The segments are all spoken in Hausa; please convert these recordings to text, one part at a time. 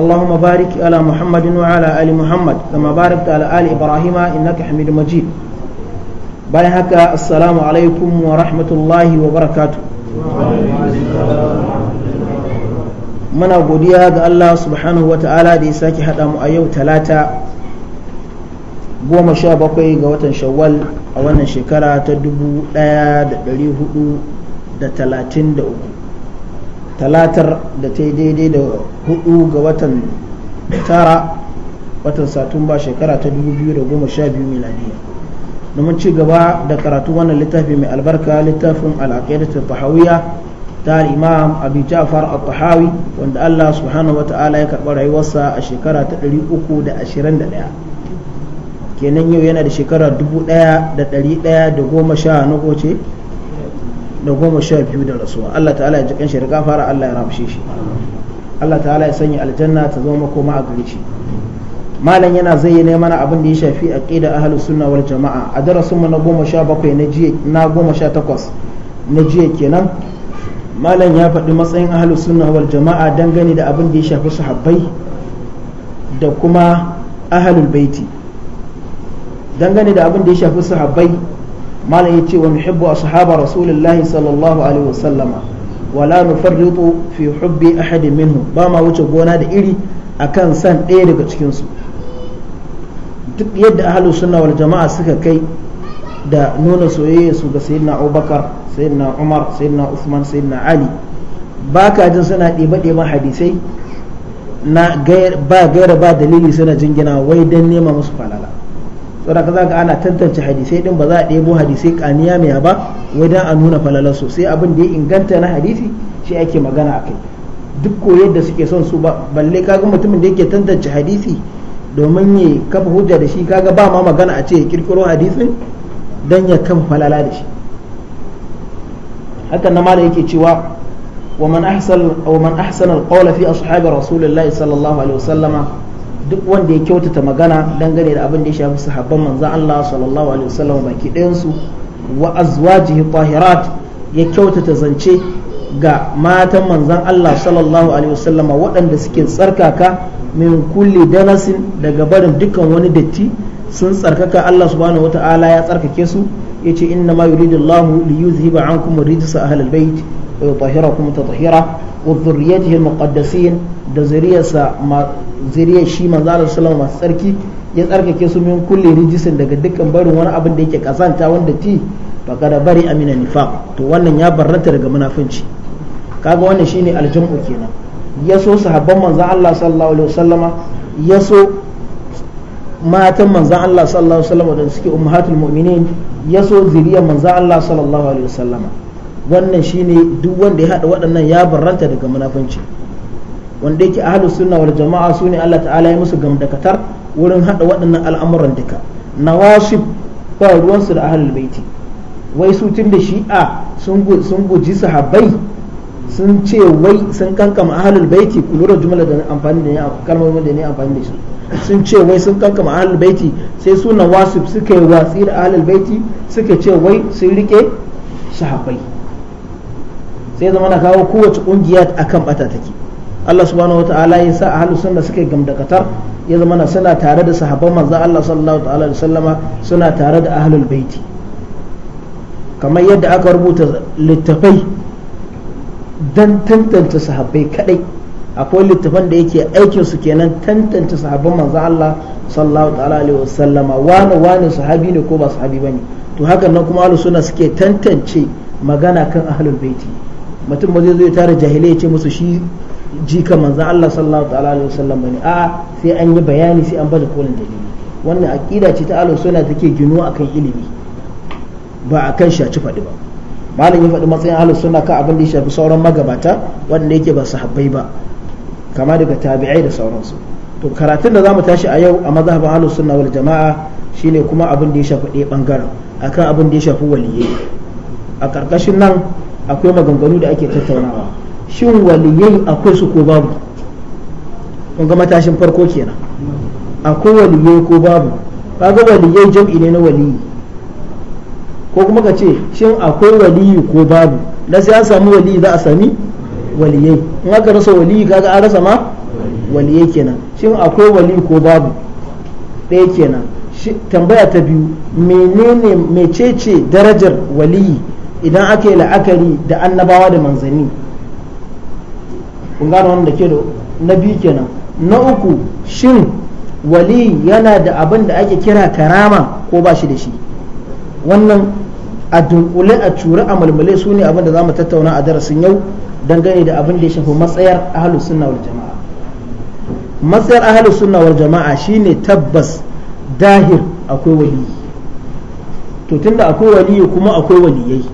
اللهم بارك على محمد وعلى آل محمد كما باركت على آل إبراهيم إنك حميد مجيد bayan haka assalamu alaikum wa rahmatullahi wa barakatu muna godiya ga Allah subhanahu wa ta'ala da ya sake haɗa mu a yau talata goma sha bakwai ga watan shawwal a wannan shekara ta dubu ɗaya da ɗari hudu da talatin da uku talatar da ta daidai da hudu ga watan tara watan satumba shekara ta 2012 miladiya domin ci gaba da karatu wannan littafi mai albarka littafin al'aqidatu tahawiyya ta imam abu ja'far al-tahawi wanda Allah subhanahu wa ta'ala ya karbi rayuwarsa a shekara ta 321 kenan yau yana da shekara da sha na goce da goma sha biyu da rasuwa Allah ta'ala ya ji kan da fara Allah ya ramshe shi Allah ta'ala ya sanya aljanna ta zama makoma a gari shi malam yana zayyana mana abin da ya shafi aqida ahlus sunna wal jama'a a darasin mu na goma sha bakwai na jiya na goma sha takwas na jiya kenan malam ya faɗi matsayin ahlus sunna wal jama'a dangane da abin da ya shafi sahabbai da kuma ahlul baiti dangane da abin da ya shafi sahabbai malam yace wa muhibbu ashabar rasulullahi sallallahu alaihi wasallama wala nufarritu fi hubbi ahadin minhu ba ma wuce gona da iri akan san ɗaya daga cikin su duk yadda ahlu sunna wal jama'a suka kai da nuna soyayya su ga sayyidina Abubakar sayyidina Umar sayyidina Usman sayyidina Ali ba ka jin suna ɗiba ɗiba hadisai na ba gaira ba dalili suna jingina wai dan nema musu falala saboda ka zaka ana tantance hadisai din ba za a debo hadisai kaniya mai ba wai dan a nuna falalar su sai abin da ya inganta na hadisi shi ake magana akai duk ko yadda suke son su ba balle kaga mutumin da yake tantance hadisi domin ya kafa hujja da shi kaga ba ma magana a ce ya kirkiro hadisin dan ya kafa falala da shi hakan na mala yake cewa wa man ahsan wa man ahsana al-qawla fi ashabi rasulillahi sallallahu alaihi wasallama duk wanda ya kyautata magana dangane da abin da ya shafi sahabban manzan Allah sallallahu alaihi wasallam baki ɗayan su wa azwajihi tahirat ya kyautata zance ga matan manzan Allah sallallahu alaihi wasallam waɗanda suke tsarkaka min kulli danasin daga barin dukkan wani datti sun tsarkaka Allah subhanahu wata'ala ya tsarkake su yace inna ma yuridu Allahu li yuzhiba ankum rijsa ahlal bait ويطهركم تطهيرا وذريته المقدسين da zuriyarsa zuriyar shi manzo Allah sallallahu masu tsarki ya tsarkake su min kulle rijisin daga duka barin wani abin da yake kazanta wanda ti fakada bari amina nifa to wannan ya barrata daga munafunci kaga wannan shine aljam'u kenan ya so sahabban manzo Allah sallallahu alaihi ya so matan manzo Allah sallallahu alaihi da suke ummahatul ya so zuriyar manzo Allah sallallahu alaihi wannan shine duk wanda ya hada waɗannan ya barranta daga munafunci wanda yake ahlus sunna wal jama'a su ne Allah ta'ala ya musu gamdakatar wurin hada waɗannan al'amuran duka nawasib ba ruwansu da ahlul baiti wai su tun da shi'a sun guji sahabbai sun ce wai sun kankama ahlul baiti ku lura jumla da amfani da ne kalmomin da ne amfani da shi sun ce wai sun kankama ahlul baiti sai su nawasib suka yi watsi da ahlul baiti suka ce wai sun rike sahabbai sai zama na kawo kowace kungiya akan bata take Allah subhanahu ala ya sa ahlus sunna suke gamdakatar ya zama na suna tare da sahabban manzo Allah sallallahu ta'ala alaihi sallama suna tare da ahlul baiti kamar yadda aka rubuta littafai dan tantance sahabbai kadai akwai littafan da yake aikin su kenan tantance sahabban manzo Allah sallallahu ta'ala alaihi wasallama wani wani sahabi ne ko ba sahabi bane to hakan nan kuma ahlus sunna suke tantance magana kan ahlul baiti mutum ba zai zo ya tara jahilai ya ce musu shi jika manzan Allah sallallahu ta'ala alaihi wasallam bane a'a sai an yi bayani sai an bada kolin dalili wannan aƙida ce ta ahlus sunna take ginu akan ilimi ba akan shaci faɗi ba malam ya faɗi matsayin ahlus sunna ka abin da ya shafi sauran magabata wanda yake ba sahabbai ba kama daga tabi'ai da sauransu to karatun da zamu tashi a yau a mazhabin ahlus sunna wal jama'a shine kuma abin da ya shafi ɗaya bangaren akan abin da ya shafi waliyai a ƙarƙashin nan akwai maganganu da ake tattaunawa shin waliyai akwai su ko babu kun ga matashin farko kenan akwai waliyai ko babu kaga waliyai jam'i ne na waliyi ko kuma ka ce shin akwai waliyi ko babu da sai an samu waliyi za a sami waliyai in aka rasa waliyi kaga an rasa ma waliyai kenan shin akwai wali ko babu ɗaya kenan tambaya ta biyu menene mecece darajar waliyi idan ake la'akari da annabawa da manzanni gano wanda ke da na biyu kenan na uku shin wali yana da abin da ake kira karama ko ba shi da shi wannan a dunkule a cure a mulmule su ne abin da za mu tattauna a darasin yau dangane da abin da ya shafi matsayar ahlus sunna wal jama'a matsayar ahlus sunna wal jama'a shine tabbas dahir akwai wali to tunda akwai waliyi kuma akwai waliyai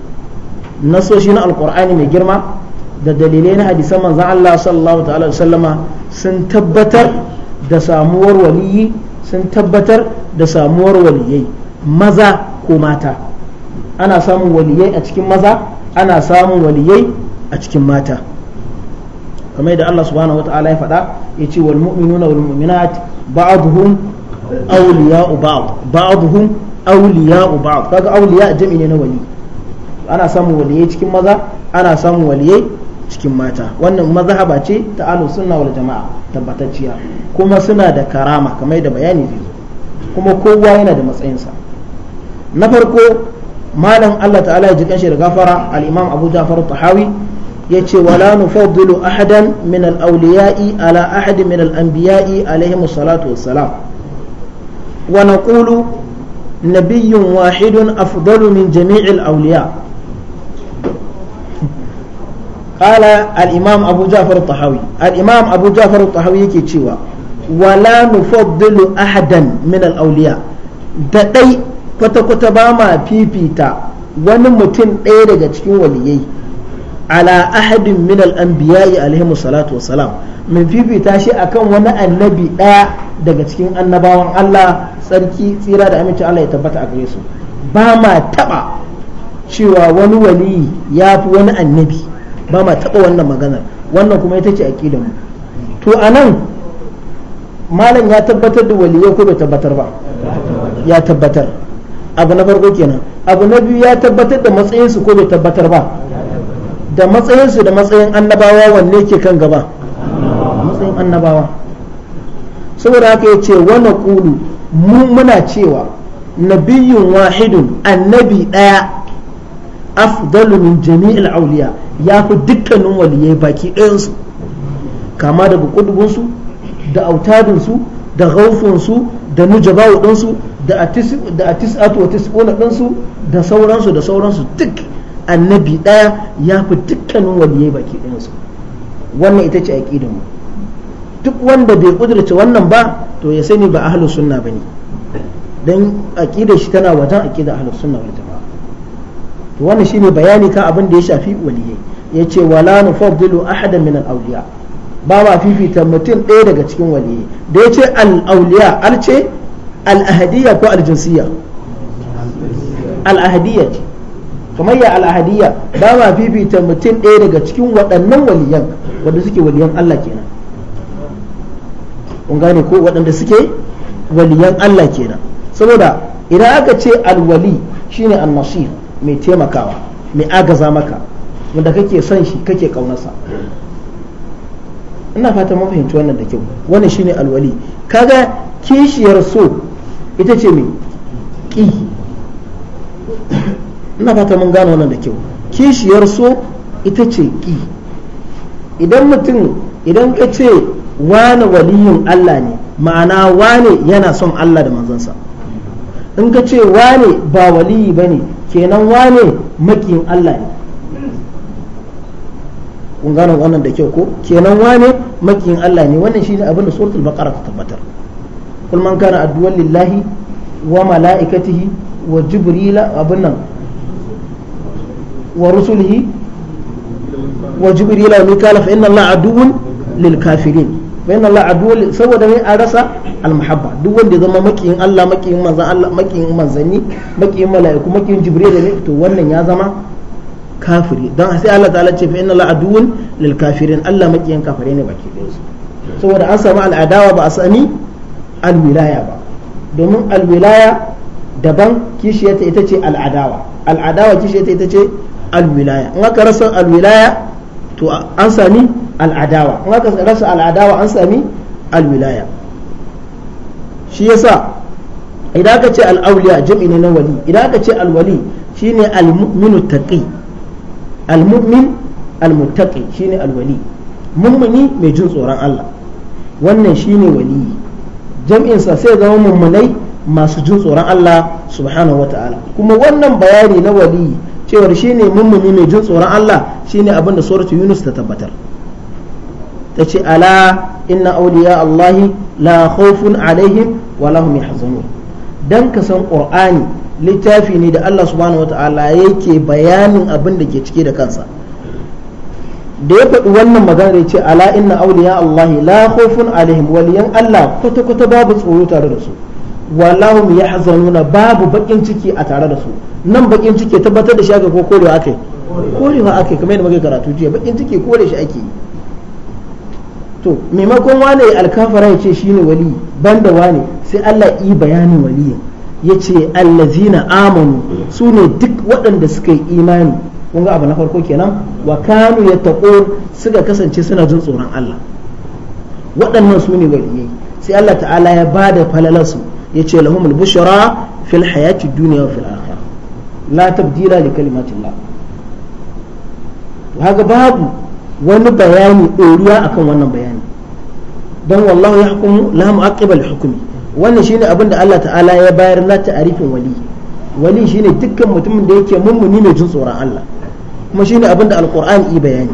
nasoshi na alkur'ani mai girma da dalilai na hadisan manzan Allah sallallahu ta'ala da sallama sun tabbatar da samuwar waliyi sun tabbatar da samuwar waliyai maza ko mata ana samun waliyai a cikin maza ana samun waliyai a cikin mata kamar da Allah subhanahu wa ta'ala ya faɗa ya ce wal mu'minuna wal mu'minat ba'dhum awliya'u ba'd ba'dhum awliya'u ba'd kaga awliya jami'i ne na wali ana samun waliyai cikin maza ana samun waliyai cikin mata wannan mazhaba ce ta ahlus sunna wal jama'a tabbatacciya kuma suna da karama kamar da bayani zai zo kuma kowa yana da matsayinsa na farko malam Allah ta'ala ya ji kanshi da gafara al-imam Abu Ja'far tahawi ce wala nufaddilu ahadan min al-awliya'i ala ahadin min al-anbiya'i alaihim salatu wassalam wa naqulu nabiyyun wahidun afdalu min jami'il awliya' قال الإمام أبو جعفر الطحاوي الإمام أبو جعفر الطحاوي يكي تشيوا ولا نفضل أحدا من الأولياء دقي kwata-kwata ba ma fifita wani mutum ɗaya daga cikin waliyai ala minan min al'anbiyayi alaihimu salatu wassalam min fifita shi akan wani annabi ɗaya daga cikin annabawan Allah Sarki tsira da amincin Allah ya tabbata a gare su ba taɓa cewa wani waliyi ya fi wani annabi ba ma taɓa wannan maganar wannan kuma ita ce aƙidar mu to a nan malam ya tabbatar da waliyai ko bai tabbatar ba ya tabbatar abu na farko kenan abu na biyu ya tabbatar da matsayinsu ko bai tabbatar ba da matsayinsu da matsayin annabawa wanne ke kan gaba matsayin annabawa saboda haka ya ce wani kulu mun muna cewa nabiyun wahidun annabi ɗaya afdalu min jami'il auliya ya fi dukkanin waliyai baki ɗayansu kama daga kudubinsu da autadinsu da gaufinsu da nujabawa ɗansu da atis'atu wa tis'una ɗansu da sauransu da sauransu duk annabi ɗaya ya fi dukkanin waliyai baki ɗayansu wannan ita ce da mu duk wanda bai kudurce wannan ba to ya sani ba ba sunna don aiki da shi tana wajen aqidar ahlus sunna wal jamaa to wannan shine bayani kan abin da ya shafi waliyai yace wala fadilu ahadan min al-awliya ba ma fifita mutum ɗaya daga cikin waliyi da yace al-awliya al ce al-ahadiyya ko al-jinsiyya al-ahadiyya ce kamar ya al-ahadiyya ba ma fifita mutum ɗaya daga cikin waɗannan waliyan wanda suke waliyan Allah kenan kun gane ko waɗanda suke waliyan Allah kenan saboda idan aka ce alwali shine annasir mai taimakawa mai agaza maka wanda kake son shi kake kaunarsa ina fata mun fahimci wannan da kyau wannan shine alwali kaga kishiyar so ita ce me ki ina fata mun gane wannan da kyau kishiyar so ita ce ki idan mutum idan ka ce wani waliyin Allah ne ma'ana wane yana son Allah da manzansa in ka ce wane ba waliyi ba ne kenan wane makiyin Allah ne kun gane wannan da kyau ko kenan wane makiyin Allah ne wannan shine abin da suratul baqara ta tabbatar kul man kana addu'an lillahi wa malaikatihi wa jibrila abin nan wa rusulihi wa jibrila wa mikala fa inna Allah aduwwun lil kafirin fa inna Allah aduwwun saboda mai a rasa al muhabba duk wanda ya zama makiyin Allah makiyin manzan Allah makiyin manzanni makiyin mala'iku makiyin jibrila ne to wannan ya zama kafiri don sai Allah ta'ala ce fa inna la aduwwun lil kafirin Allah makiyan kafare ne baki ɗaya su saboda an samu al'adawa ba a sani alwilaya ba domin alwilaya daban kishiyarta ita ce al'adawa al'adawa kishiyarta ita ce alwilaya in aka rasa alwilaya to an sami al'adawa in aka rasa al'adawa an sami alwilaya shi yasa idan aka ce al'auliya jam'i ne na wali idan aka ce alwali shine al-mu'minu taqi almu'min almuttaqi shine alwali mummuni mai jin tsoron Allah wannan shine wali jam'in sa sai zama mummunai masu jin tsoron Allah subhanahu wataala kuma wannan bayani na wali cewar shine mummuni mai jin tsoron Allah shine abin da suratu Yunus ta tabbatar ta ce ala inna awliya Allahi la khawfun alaihim wa lahum yahzanun dan ka san qur'ani littafi ne da Allah subhanahu wata'ala yake bayanin abin da ke cike da kansa da ya faɗi wannan magana ya ce ala inna awliya Allah la khawfun alaihim waliyan Allah kwata kwata babu tsoro tare da su wallahu yahzanuna babu bakin ciki a tare da su nan bakin ciki tabbatar da shi aka ko korewa akai korewa akai kamar yadda muke karatu jiya bakin ciki kore shi ake yi to maimakon wane alkafara ya ce shine wali banda wane sai Allah yi bayanin waliyin ya ce allazina amanu su ne duk waɗanda suka yi imani kun ga abu na farko kenan wa kanu ya taƙo suka kasance suna jin tsoron Allah waɗannan su ne waliyai sai Allah ta'ala ya ba da falalarsu ya ce lahumul bushara fil hayati duniya fil akhirah la tabdila li kalimatillah haka babu wani bayani ɗoriya akan wannan bayani don wallahu ya hukumu la mu'aqqiba li hukmi wannan shine abin da Allah ta'ala ya bayar na ta'arifin wali wali shine dukkan mutumin da yake mummuni mai jin tsoron Allah kuma shine abin da alqur'ani yi bayani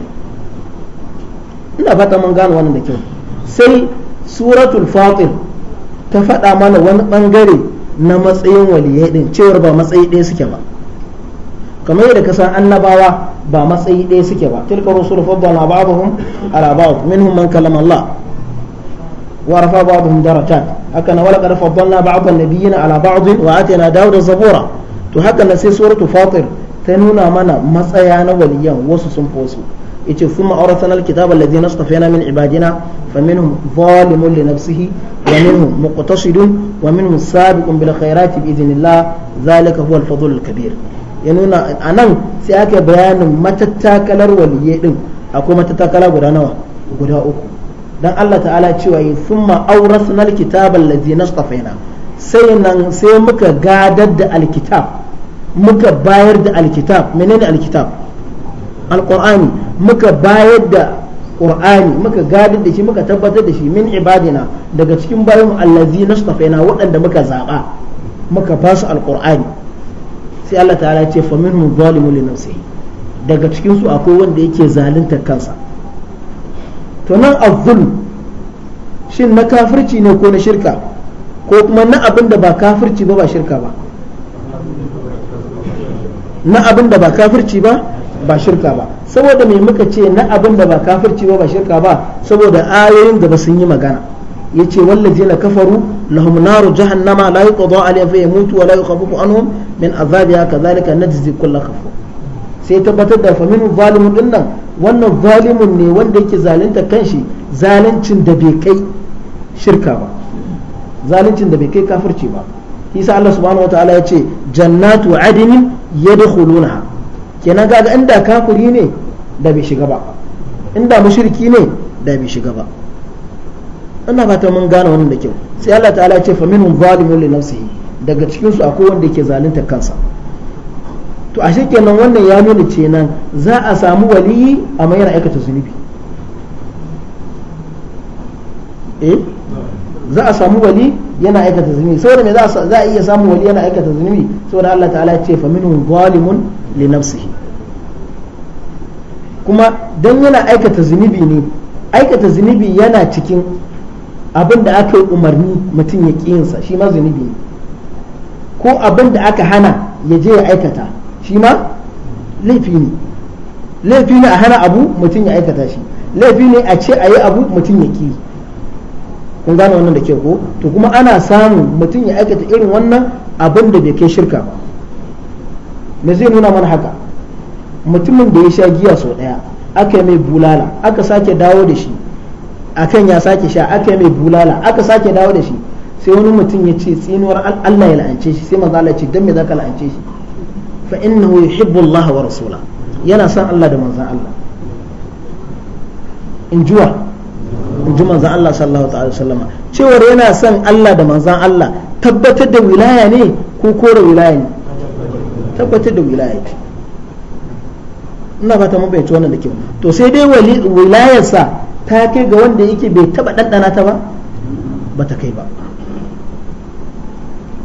ina fata mun gane wannan da kyau sai suratul fatir ta faɗa mana wani bangare na matsayin waliyai din cewar ba matsayi ɗaya suke ba kamar yadda kasan annabawa ba matsayi ɗaya suke ba tilka rusul faddala ba'dhum ala ba'd minhum man kallama Allah wa rafa ba'dhum darajat haka na wala qad na ba'd an-nabiyina ala ba'd wa dawuda zabura to haka na sai suratu fatir ta nuna mana matsaya na waliyan wasu sun fi wasu yace thumma awrathana al na alladhi na min ibadina faminhum zalimun li nafsihi wa minhum muqtasidun wa minhum sabiqun bil khairati bi idhnillah zalika huwa al-fadl al-kabir ya nuna anan sai aka bayanin matattakalar waliye din akwai matattakala guda nawa guda uku dan Allah ta'ala cewa yi summa aurasna alkitaba allazi nastafaina sai nan sai muka gadar da alkitab muka bayar da alkitab menene alkitab alqur'ani muka bayar da qur'ani muka gadar da shi muka tabbatar da shi min ibadina daga cikin bayan allazi nastafaina waɗanda muka zaba muka ba su alqur'ani sai Allah ta'ala ce fa minhum zalimun li nafsihi daga cikin su akwai wanda yake zalunta kansa to nan azul shin na kafirci ne ko na shirka ko kuma na abin da ba kafirci ba ba shirka ba na abin da ba kafirci ba ba shirka ba saboda mai muka ce na abin da ba kafirci ba ba shirka ba saboda ayoyin gaba sun yi magana yace wallazina kafaru lahum naru jahannama la yuqda alayhim fa yamutu wa la yukhaffafu anhum min azabiha kadhalika najzi kull kafur sai tabbatar da famin zalimun dinnan wannan zalimin ne wanda yake zalunta kanshi zaluncin da bai kai shirka ba zaluncin da bai kai kafirci ba isa Allah subhanahu ta'ala ya ce jannatu adinin yadkhulunaha kenan kaga inda kafiri ne da bai shiga ba inda mushriki ne da bai shiga ba ina fata mun gane wannan da kyau sai Allah ta'ala ya ce fa minhum zalimun li nafsihi daga cikin su akwai wanda yake zalunta kansa to ashe kenan wannan ya nuna nan za a samu waliyi amma yana aikata zunubi eh za a samu wali yana aikata zunubi saboda me za a iya samu wali yana aikata zunubi saboda Allah ta'ala ya ce fa minhum zalimun li nafsihi kuma dan yana aikata zunubi ne aikata zunubi yana cikin abin da aka yi umarni mutum ya kiyinsa yinsa shi ma zunubi ne ko abin da aka hana ya je ya aikata shi ma laifi ne laifi ne a hana abu mutum ya aikata shi laifi ne a ce a yi abu mutum ya ki kun gane wannan da ke ko to kuma ana samun mutum ya aikata irin wannan abin da bai kai shirka ba me zai nuna mana haka mutumin da ya sha giya sau daya aka yi mai bulala aka sake dawo da shi akan ya sake sha aka yi mai bulala aka sake dawo da shi sai wani mutum ya ce tsinuwar Allah ya la'ance shi sai maza Allah ce don me zaka la'ance shi fa innahu yuhibbu Allah wa rasula yana son Allah da manzan Allah in juwa in ji manzan Allah sallallahu alaihi wasallam cewar yana son Allah da manzan Allah tabbatar da wilaya ne ko kore wilaya ne tabbatar da wilaya ce ina fata mun bayyana wannan da kyau to sai dai wilayarsa ta kai ga wanda yake bai taba ɗanɗana ta ba ba ta kai ba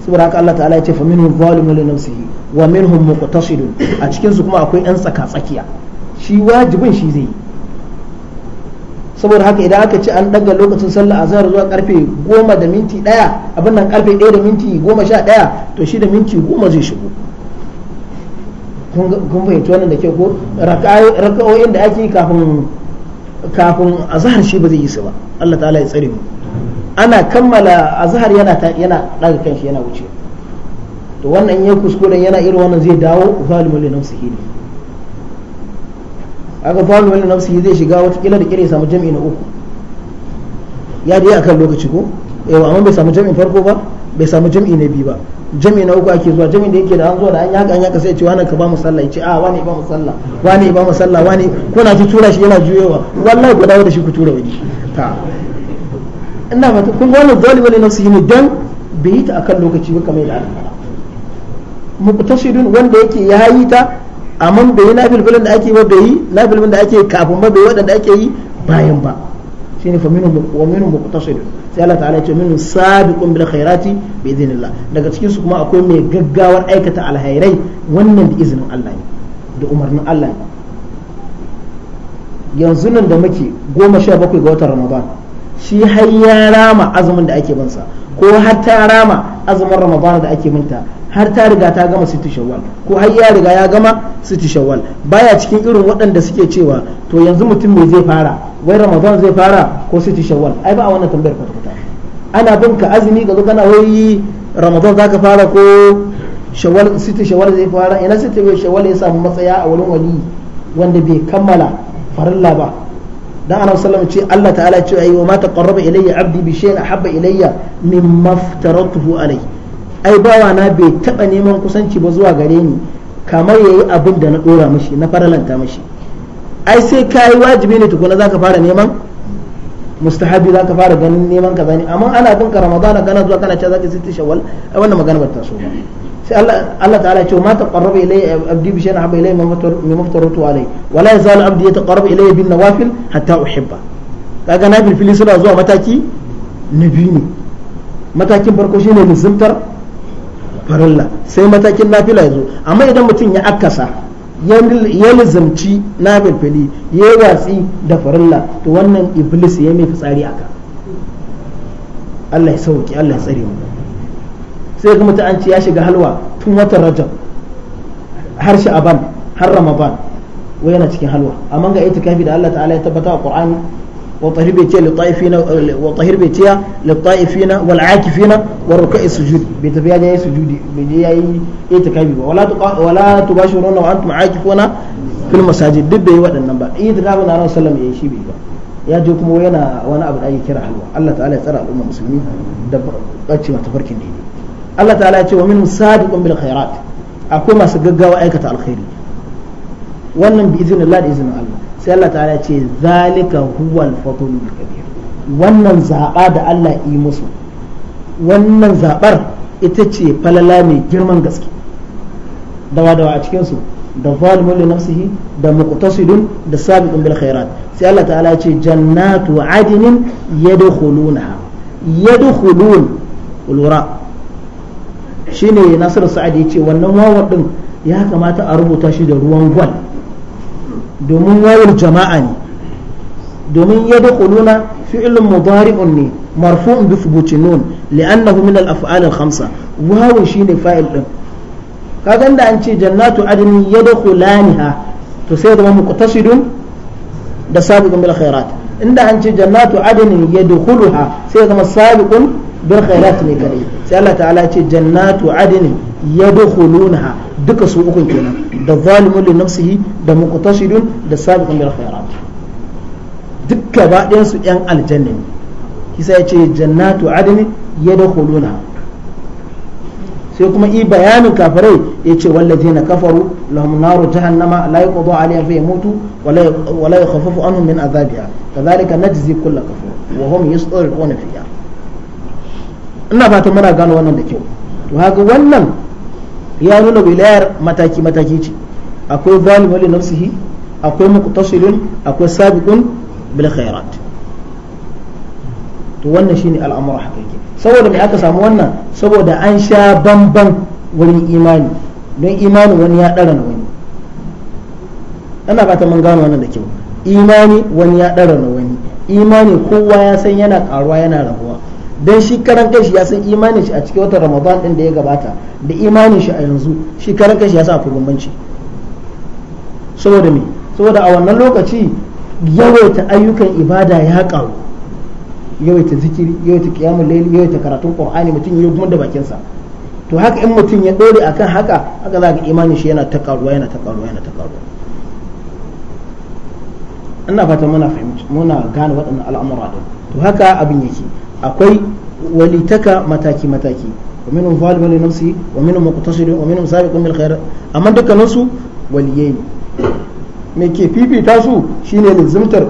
saboda haka Allah ta'ala ya ce fa minhum zalimun li nafsihi wa minhum muqtasidun a cikin su kuma akwai yan tsaka tsakiya shi wajibin shi zai saboda haka idan aka ce an daga lokacin sallah azhar zuwa karfe 10 da minti 1 abin nan karfe 1 da minti 11 to shi da minti 10 zai shigo kun fahimci wannan da ke ko raka'o'in da ake kafin kafin azhar shi ba zai yi su ba Allah ta'ala ya tsare mu ana kammala azhar yana yana daga kanshi yana wuce to wannan ya kuskuren yana irin wannan zai dawo zalimul nafsihi ne aka zalimin li nafsihi zai shiga wata kila da kire samu jami'i na uku ya dai akan lokaci ko yawa amma bai samu jami'in farko ba bai samu jami'i na biyu ba jami'i na uku ake zuwa jami'in da yake da an zuwa da an yaka an yaka sai ce wani ka ba mu sallah yace a ah, wani ba mu sallah wani ba mu sallah wani kuna ki tura shi yana juyewa wallahi ku dawo da shi ku tura wani ta ina fata kun ga wannan zalimi ne nasu ne don bai yi ta akan lokaci ba kamar yadda muqtasidun wanda yake ya yi ta amma bai yi nafilfilin da ake ba bai yi nafilfilin da ake kafin ba bai waɗanda ake yi bayan ba shi fa minhum wa minhum sai Allah ta'ala ya ce minhum sabiqun bil khairati bi idhnillah daga cikin su kuma akwai mai gaggawar aikata alhairai wannan da izinin Allah ne da umarnin Allah ne yanzu nan da muke goma sha bakwai ga watan Ramadan shi har ya rama azumin da ake bansa ko har ta rama azumin ramadan da ake minta har ta riga ta gama sitti shawwal ko har ya riga ya gama sitti shawwal baya cikin irin waɗanda suke cewa to yanzu mutum me zai fara wai ramadan zai fara ko sitti shawwal ai ba a wannan tambayar kwata ana bin ka azumi ga kana wai ramadan zaka fara ko shawwal sitti shawwal zai fara ina sitti shawwal ya samu matsaya a wurin wali wanda bai kammala farilla ba dan annabi sallallahu alaihi ce Allah ta'ala ce ayi wa ma taqarraba ilayya abdi bi shay'in ahabba ilayya mimma aftaratuhu alayhi ai bawa na bai taba neman kusanci ba zuwa gare ni kamar yayi abin da na dora mishi na faralanta mishi ai sai kai wajibi ne tukuna zaka fara neman mustahabi zaka fara ganin neman kaza ne amma ana bin ka ramadana kana zuwa kana ce zaka sitti shawwal ai wannan magana ba ta so ba sai Allah ta'ala ce ma taqarraba ilayya abdi bi shay'in habba ilayya mimma maftaratu alayhi wa la yazal abdi yataqarrabu ilayya bin nawafil hatta uhibba kaga na filfili suna zuwa mataki na biyu ne matakin farko shine lizimtar farilla sai matakin nafila yazo amma idan mutum ya akasa ya nizamci na filfili ya yi watsi da farilla to wannan iblis ya mai fitsari aka Allah ya sauki Allah ya tsare mu sai kuma ta an ce ya shiga halwa tun watan rajab har sha'aban har ramadan wai yana cikin halwa amma ga ita kafi da Allah ta'ala ya tabbata a Qur'ani wa tahir bi tiya li ta'ifina wa tahir bi tiya li ta'ifina wal akifina wa ruk'i sujud bi tafi yayi sujudi bai je ita kafi ba wala wala tubashiruna wa antum akifuna fil masajid duk bai wadannan ba ita kafi na ran sallam yayi shi bi ba ya je kuma yana wani abu da ake kira halwa Allah ta'ala ya tsara al'umma musulmi da bacci mata farkin daidai Allah ta'ala ya ce wa minhum sabiqun bil khairat akwai masu gaggawa aikata alkhairi wannan bi izinin Allah da izinin Allah sai Allah ta'ala ya ce zalika huwal fadlul kabir wannan zaba da Allah yi musu wannan zabar ita ce falala mai girman gaske dawa dawa a cikin su da zalimun li nafsihi da muqtasidun da sabiqun bil khairat sai Allah ta'ala ya ce jannatu adnin yadkhulunaha yadkhulun ulura shine Nasiru Sa'ad ya ce wannan wawar din ya kamata a rubuta shi da ruwan gwal domin wawar jama'a ne domin ya da kuluna fi'ilun mudari'un ne marfu'un bi thubuti nun li'annahu min al-af'al al-khamsa wawu shine fa'il din kaga da an ce jannatu adni yadkhulaniha to sai zama muqtasidun da sabiqun bil khairat inda an ce jannatu adni yadkhuluha sai zama sabiqun bil khairat ne kadai sai Allah ta'ala ce jannatu adnin yadkhulunaha duka su ukun kenan da zalimun li nafsihi da muqtasidun da sabiqun bil khairat duka ba ɗayan su yan aljanna ne kisa ya ce jannatu adnin yadkhulunaha sai kuma i bayanin kafirai ya ce wallazina kafaru lahum naru jahannama la yuqda alayhim fa yamutu wa la yukhaffafu anhum min azabiha kadhalika najzi kull kafur wa hum yus'aluna fiha ina fatan muna gano wannan da kyau to haka wannan ya nuna wilayar mataki mataki ce akwai zalimu li nafsihi akwai muqtasirin akwai sabiqun bil khairat to wannan shine al'amur hakiki saboda me aka samu wannan saboda an sha bamban wurin imani don imani wani ya dara na wani ana fatan mun gano wannan da kyau imani wani ya dara na wani imani kowa ya san yana karuwa yana rabuwa dan shi karan kai ya san imanin shi a cikin watan ramadan din da ya gabata da imanin shi a yanzu shi karan kai ya san akwai bambanci saboda me saboda a wannan lokaci yawaita ayyukan ibada ya karu yawaita zikiri yawaita qiyamul layl yawaita karatun qur'ani mutum ya gumda bakin sa to haka in mutum ya dore akan haka haka za ga imanin shi yana ta karuwa yana ta karuwa yana ta karuwa ina fatan muna fahimci muna gane waɗannan al'amura din to haka abin yake akwai walitaka mataki mataki wa minhum zalimun li nafsi wa minhum muqtasidun wa sabi sabiqun bil khairat amma dukkanin su waliyai ne me ke fifita su shine lizimtar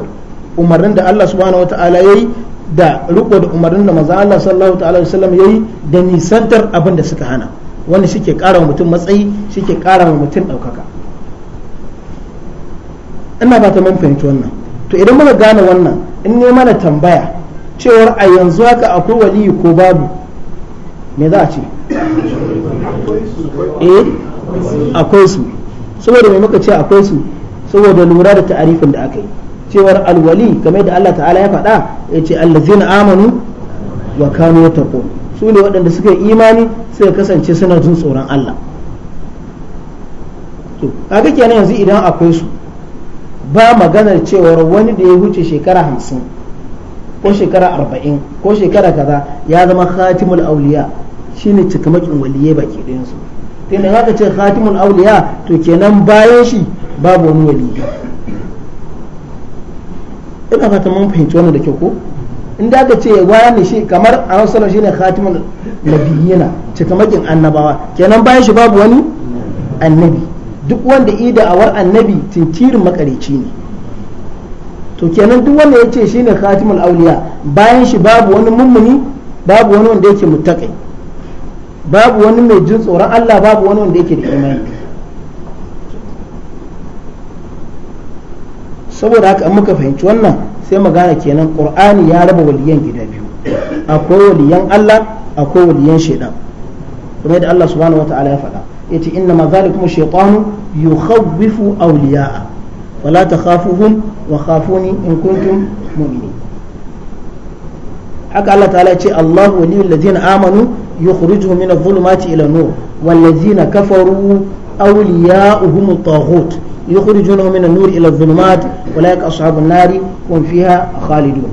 umarnin da Allah subhanahu wataala yi da riko da umarnin da maza Allah sallallahu ta'ala wa sallam ya yi da nisantar abin da suka hana wanda shike ƙara wa mutum matsayi shike ƙara wa mutum ɗaukaka ina ba ta mun fahimci wannan to idan muna gane wannan in ne mana tambaya cewar a yanzu haka akwai waliyi ko babu me za a ce eh akwai su saboda mai muka ce akwai su saboda lura da ta'arifin da aka yi cewar alwali game da Allah ta'ala ya faɗa ya ce allazina amanu wa kanu taqu su ne waɗanda suka yi imani ya kasance suna jin tsoron Allah to kaga kenan yanzu idan akwai su ba maganar cewar wani da ya huce shekara hamsin ko shekara arba'in ko shekara kaza ya zama khatimul auliya shine cikamakin waliyai baki ɗayan su tunda in aka ce khatimul auliya to kenan bayan shi babu wani wali ina fata mun fahimci wannan da kyau ko in da aka ce bayan ne shi kamar a wasu shine khatimul nabiyina cikamakin annabawa kenan bayan shi babu wani annabi duk wanda ida awar annabi tintirin makareci ne to kenan duk wanda ya ce shi ne khatimul auliya bayan shi babu wani mummuni babu wani wanda yake muttaqi babu wani mai jin tsoron Allah babu wani wanda yake da imani saboda haka an muka fahimci wannan sai mu gane kenan qur'ani ya raba waliyan gida biyu akwai waliyan Allah akwai waliyan shaidan kuma yadda Allah subhanahu wataala ya faɗa yace inna ma zalikum shaytanu yukhawwifu awliya'a ولا تخافوهم وخافوني إن كنتم مؤمنين حق الله تعالى الله ولي الذين آمنوا يخرجهم من الظلمات إلى النور والذين كفروا أولياؤهم الطاغوت يخرجونهم من النور إلى الظلمات أولئك أصحاب النار هم فيها خالدون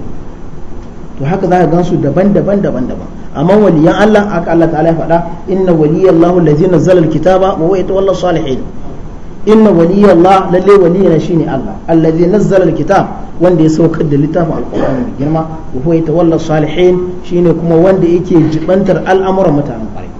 to haka za ka gansu daban-daban daban-daban amma waliyan Allah haka Allah ta'ala ya faɗa inna waliyallahu allazi nazzala alkitaba wa huwa yatawalla salihin inna waliyya Allah lalle shi shine Allah allazi nazzala alkitab wanda ya saukar da littafin alqur'ani girma wa huwa yatawalla salihin shine kuma wanda yake jibantar al'amuran mutanen kwarai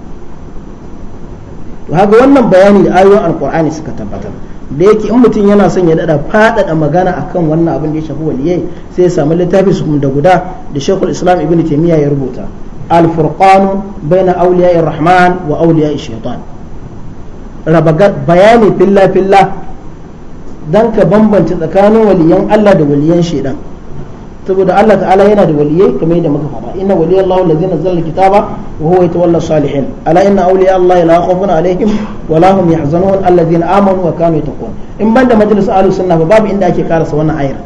to haka wannan bayani da ayoyin alqur'ani suka tabbatar da yake in mutum yana son ya dada fadada magana akan wannan abin da ya shafi waliyai sai ya samu littafi su da guda da Sheikhul Islam Ibn Taymiyyah ya rubuta al furqan baina awliya'ir rahman wa awliya'ish shaitan rabagar bayani filla filla don ka bambanta tsakanin waliyan Allah da waliyan shaidan saboda Allah ta'ala yana da waliyai kamar yadda muka faɗa inna waliyan Allah allazi nazzala kitaba wa huwa yatawalla salihin ala inna awliya Allah la khawfun alaihim wa la hum yahzanun allazina amanu wa kanu yattaqun in banda majlis ahlus sunna ba babu inda ake karasa wannan ayar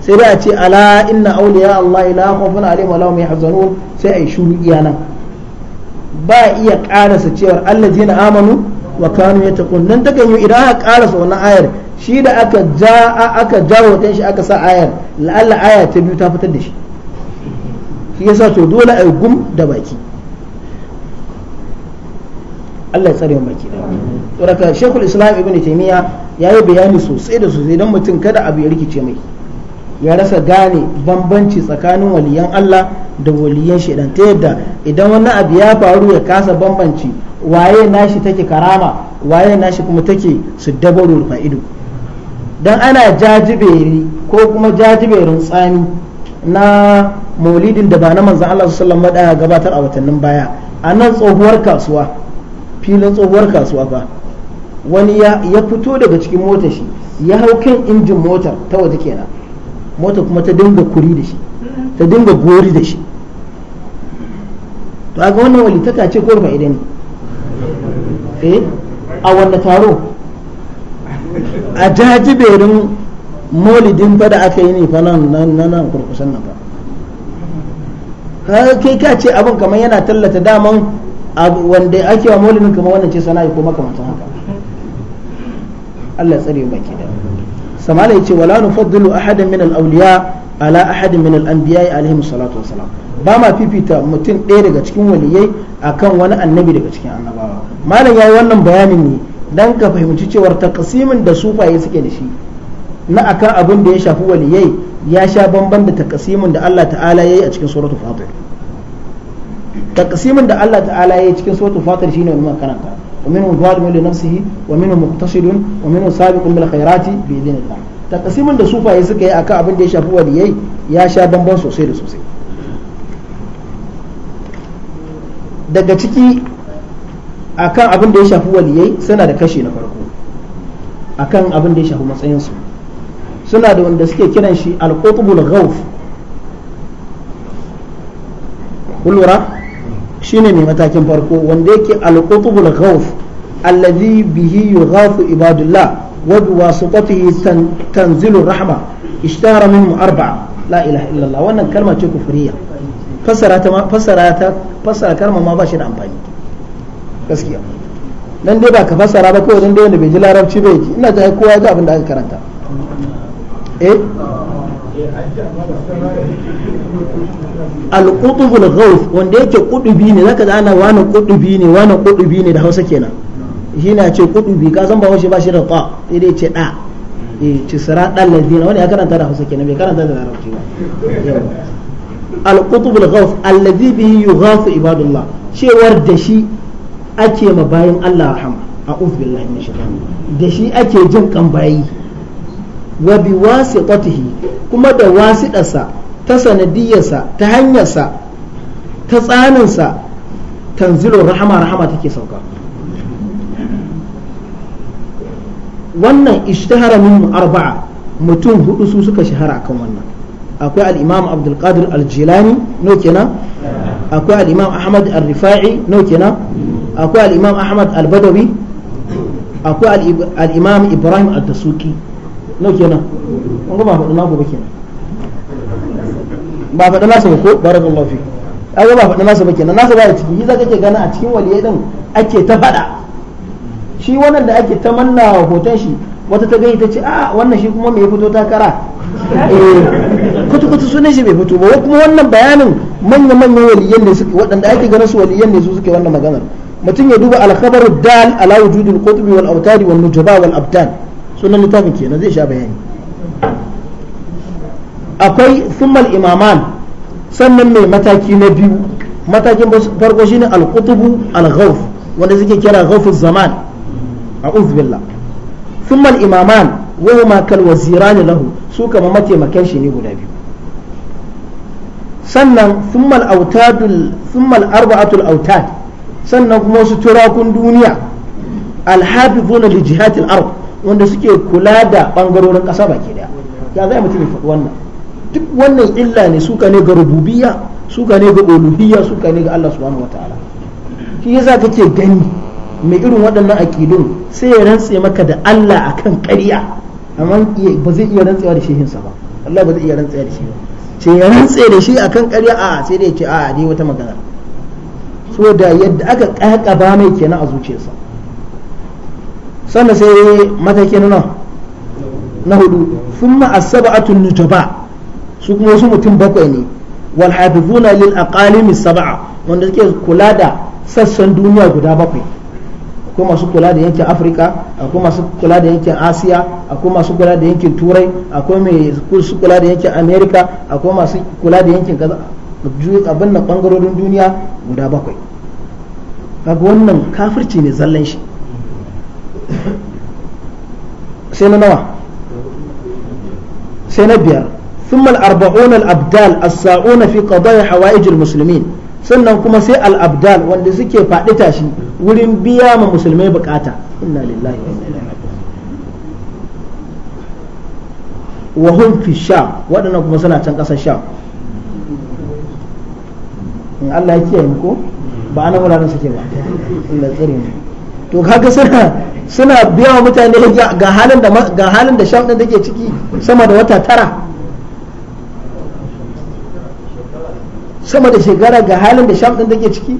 sai dai a ce ala inna awliya Allah la khawfun alaihim wa la hum yahzanun sai ai shuru iya nan ba iya karasa cewar allazina amanu wa kanu yattaqun ta kan idan aka karasa wannan ayar shi da aka ja aka jawo dan shi aka sa ayar la'alla aya ta biyu ta fitar da shi shi yasa to dole yi gum da baki Allah ya tsare mu baki da saboda Sheikhul Islam yayi bayani sosai da sosai dan mutum kada abu ya rikice mai ya rasa gane bambanci tsakanin waliyan Allah da waliyan shaidan ta yadda idan wani abu ya faru ya kasa bambanci waye nashi take karama waye nashi kuma take su dabaru fa'idu don ana jajiberi ko kuma jajiberin tsani na maulidin da ba na manzan Allah sallallahu alaihi wasallam gabatar a watannin baya a nan tsohuwar kasuwa filin tsohuwar kasuwa ba wani ya fito daga cikin motar shi ya hau kan injin motar ta waje kenan mota kuma ta dinga kuri da shi ta dinga gori da shi to ga wannan walitaka ce ko fa'ida ne eh a wanda taro a jajiberin maulidin fa da aka yi ne fa nan nan nan kurkusan nan fa kai ka ce abin kamar yana tallata daman wanda ake wa maulidin kamar wannan ce sana'i ko makamantan haka Allah tsare baki da samala ce wala a ahadan min al-awliya ala ahadin min al-anbiya alihimu salatu wa salam ba ma fifita mutum ɗaya daga cikin waliyai akan wani annabi daga cikin annabawa malam yayi wannan bayanin ne dan ka fahimci cewar takasimin da sufaye suke da shi na akan abin da ya shafi waliyai ya sha bamban da takasimin da Allah ta'ala yayi a cikin suratul fatir takasimin da Allah ta'ala yayi cikin suratul fatir shine wannan karanta ومنهم ظالم لنفسه ومنهم مقتصد ومنهم سابق بالخيرات باذن الله takasimin da sufaye suka yi akan abin da ya shafi يا ya sha سوسي sosai da sosai daga ciki akan abin da ya shafi waliyai suna da kashi na farko akan abin da ya shafi matsayinsu suna da wanda suke kiran shi al-qutbul ghawf kullura shine ne matakin farko wanda yake al-qutbul khawf alladhi bihi yughafu ibadullah wa biwasitatihi tanzilu rahma ishtara minhum arba'a la ilaha illallah wannan kalma ce kufriya fassara ta fassara ta fassara kalma ma ba shi da amfani gaskiya dan dai ba ka fassara ba kawai dan dai wanda bai ji larabci bai ji ina ta kowa ga abin da aka karanta eh al ghawf wanda yake kudubi ne zaka ga ana wani kudubi ne wani kudubi ne da Hausa kenan shi na ce kudubi ka san ba shi ba shi da ta sai dai ce da eh ci sara dal ladina wani ya karanta da Hausa kenan bai karanta da Larabci ba al-qutbul ghawf alladhi bihi yughafu ibadullah cewar da shi ake ma bayin Allah rahama a'udhu billahi minash shaitani da shi ake jin kan bayi wa biwasitatihi kuma da wasitarsa ta sanadiyarsa ta hanyarsa ta tsaninsa tanzilun rahama rahama take sauka wannan ishtahara min arba'a mutum hudu su suka shahara akan wannan akwai al-imam abdul qadir al-jilani no kenan akwai al-imam ahmad al-rifa'i no kenan akwai al-imam ahmad al-badawi akwai al-imam ibrahim al-dasuki no kenan an gaba hudu na gobe kenan ba faɗa nasa ba ko barakallahu fi kaga ba faɗa nasa ba kenan nasa ba ya ciki za ke gana a cikin waliyai din ake ta faɗa shi wannan da ake ta manna hoton shi wata ta gani ta ce a wannan shi kuma me ya fito takara eh, kutu-kutu sunan shi bai fito ba kuma wannan bayanin manya-manyan waliyan ne suke waɗanda ake gana su waliyan ne su suke wannan maganar mutum ya duba alkhabar dal ala wujudul qutbi wal autari wal nujaba wal abdan sunan littafin kenan zai sha bayani akwai summal imaman sannan mai mataki na biyu matakin farko shine al-qutubu al-ghawf wanda suke kira ghawfu zaman a'udhu billah summal imaman wa huma kal wazirani lahu su kama mataimakan shi ne guda biyu sannan summal autadul summal arba'atul autad sannan kuma su turakun duniya al-hafizuna li jihatil ard wanda suke kula da bangarorin kasa baki daya ya zai mutum ya faɗi wannan duk wannan illa ne suka ne ga rububiyya suka ne ga uluhiyya suka ne ga Allah subhanahu wataala shi yasa kake gani mai irin waɗannan aƙidun sai ya rantse maka da Allah akan ƙarya amma ba zai iya rantsewa da sa ba Allah ba zai iya rantsewa da shi ba sai ya rantse da shi akan ƙarya a sai da ya ce a ne wata magana so da yadda aka ƙaƙaba mai kenan a zuciyarsa sannan sai matakin nan na hudu sun ma'asaba'atun ba. su kuma wasu mutum bakwai ne wal hafizuna lil aqalimi sab'a wanda suke kula da sassan duniya guda bakwai akwai masu kula da yankin afirka akwai masu kula da yankin asiya akwai masu kula da yankin turai akwai masu kula da yankin amerika akwai masu kula da yankin kaza abin na bangarorin duniya guda bakwai kaga wannan kafirci ne zallan shi sai na nawa sai na biyar ثم الأربعون الأبدال الساؤون في قضايا حوائج المسلمين sannan kuma sai al'abdal wanda suke faɗi tashi wurin biya ma musulmai bukata inna lillahi wa hum fi sha waɗannan kuma suna can ƙasar sha in Allah ya kiyaye ko ba ana wuraren suke ba Allah tsare mu to kaga suna suna biya wa mutane ga halin da ga halin da sha ɗin take ciki sama da wata tara sama da shekara ga halin da sham din take ciki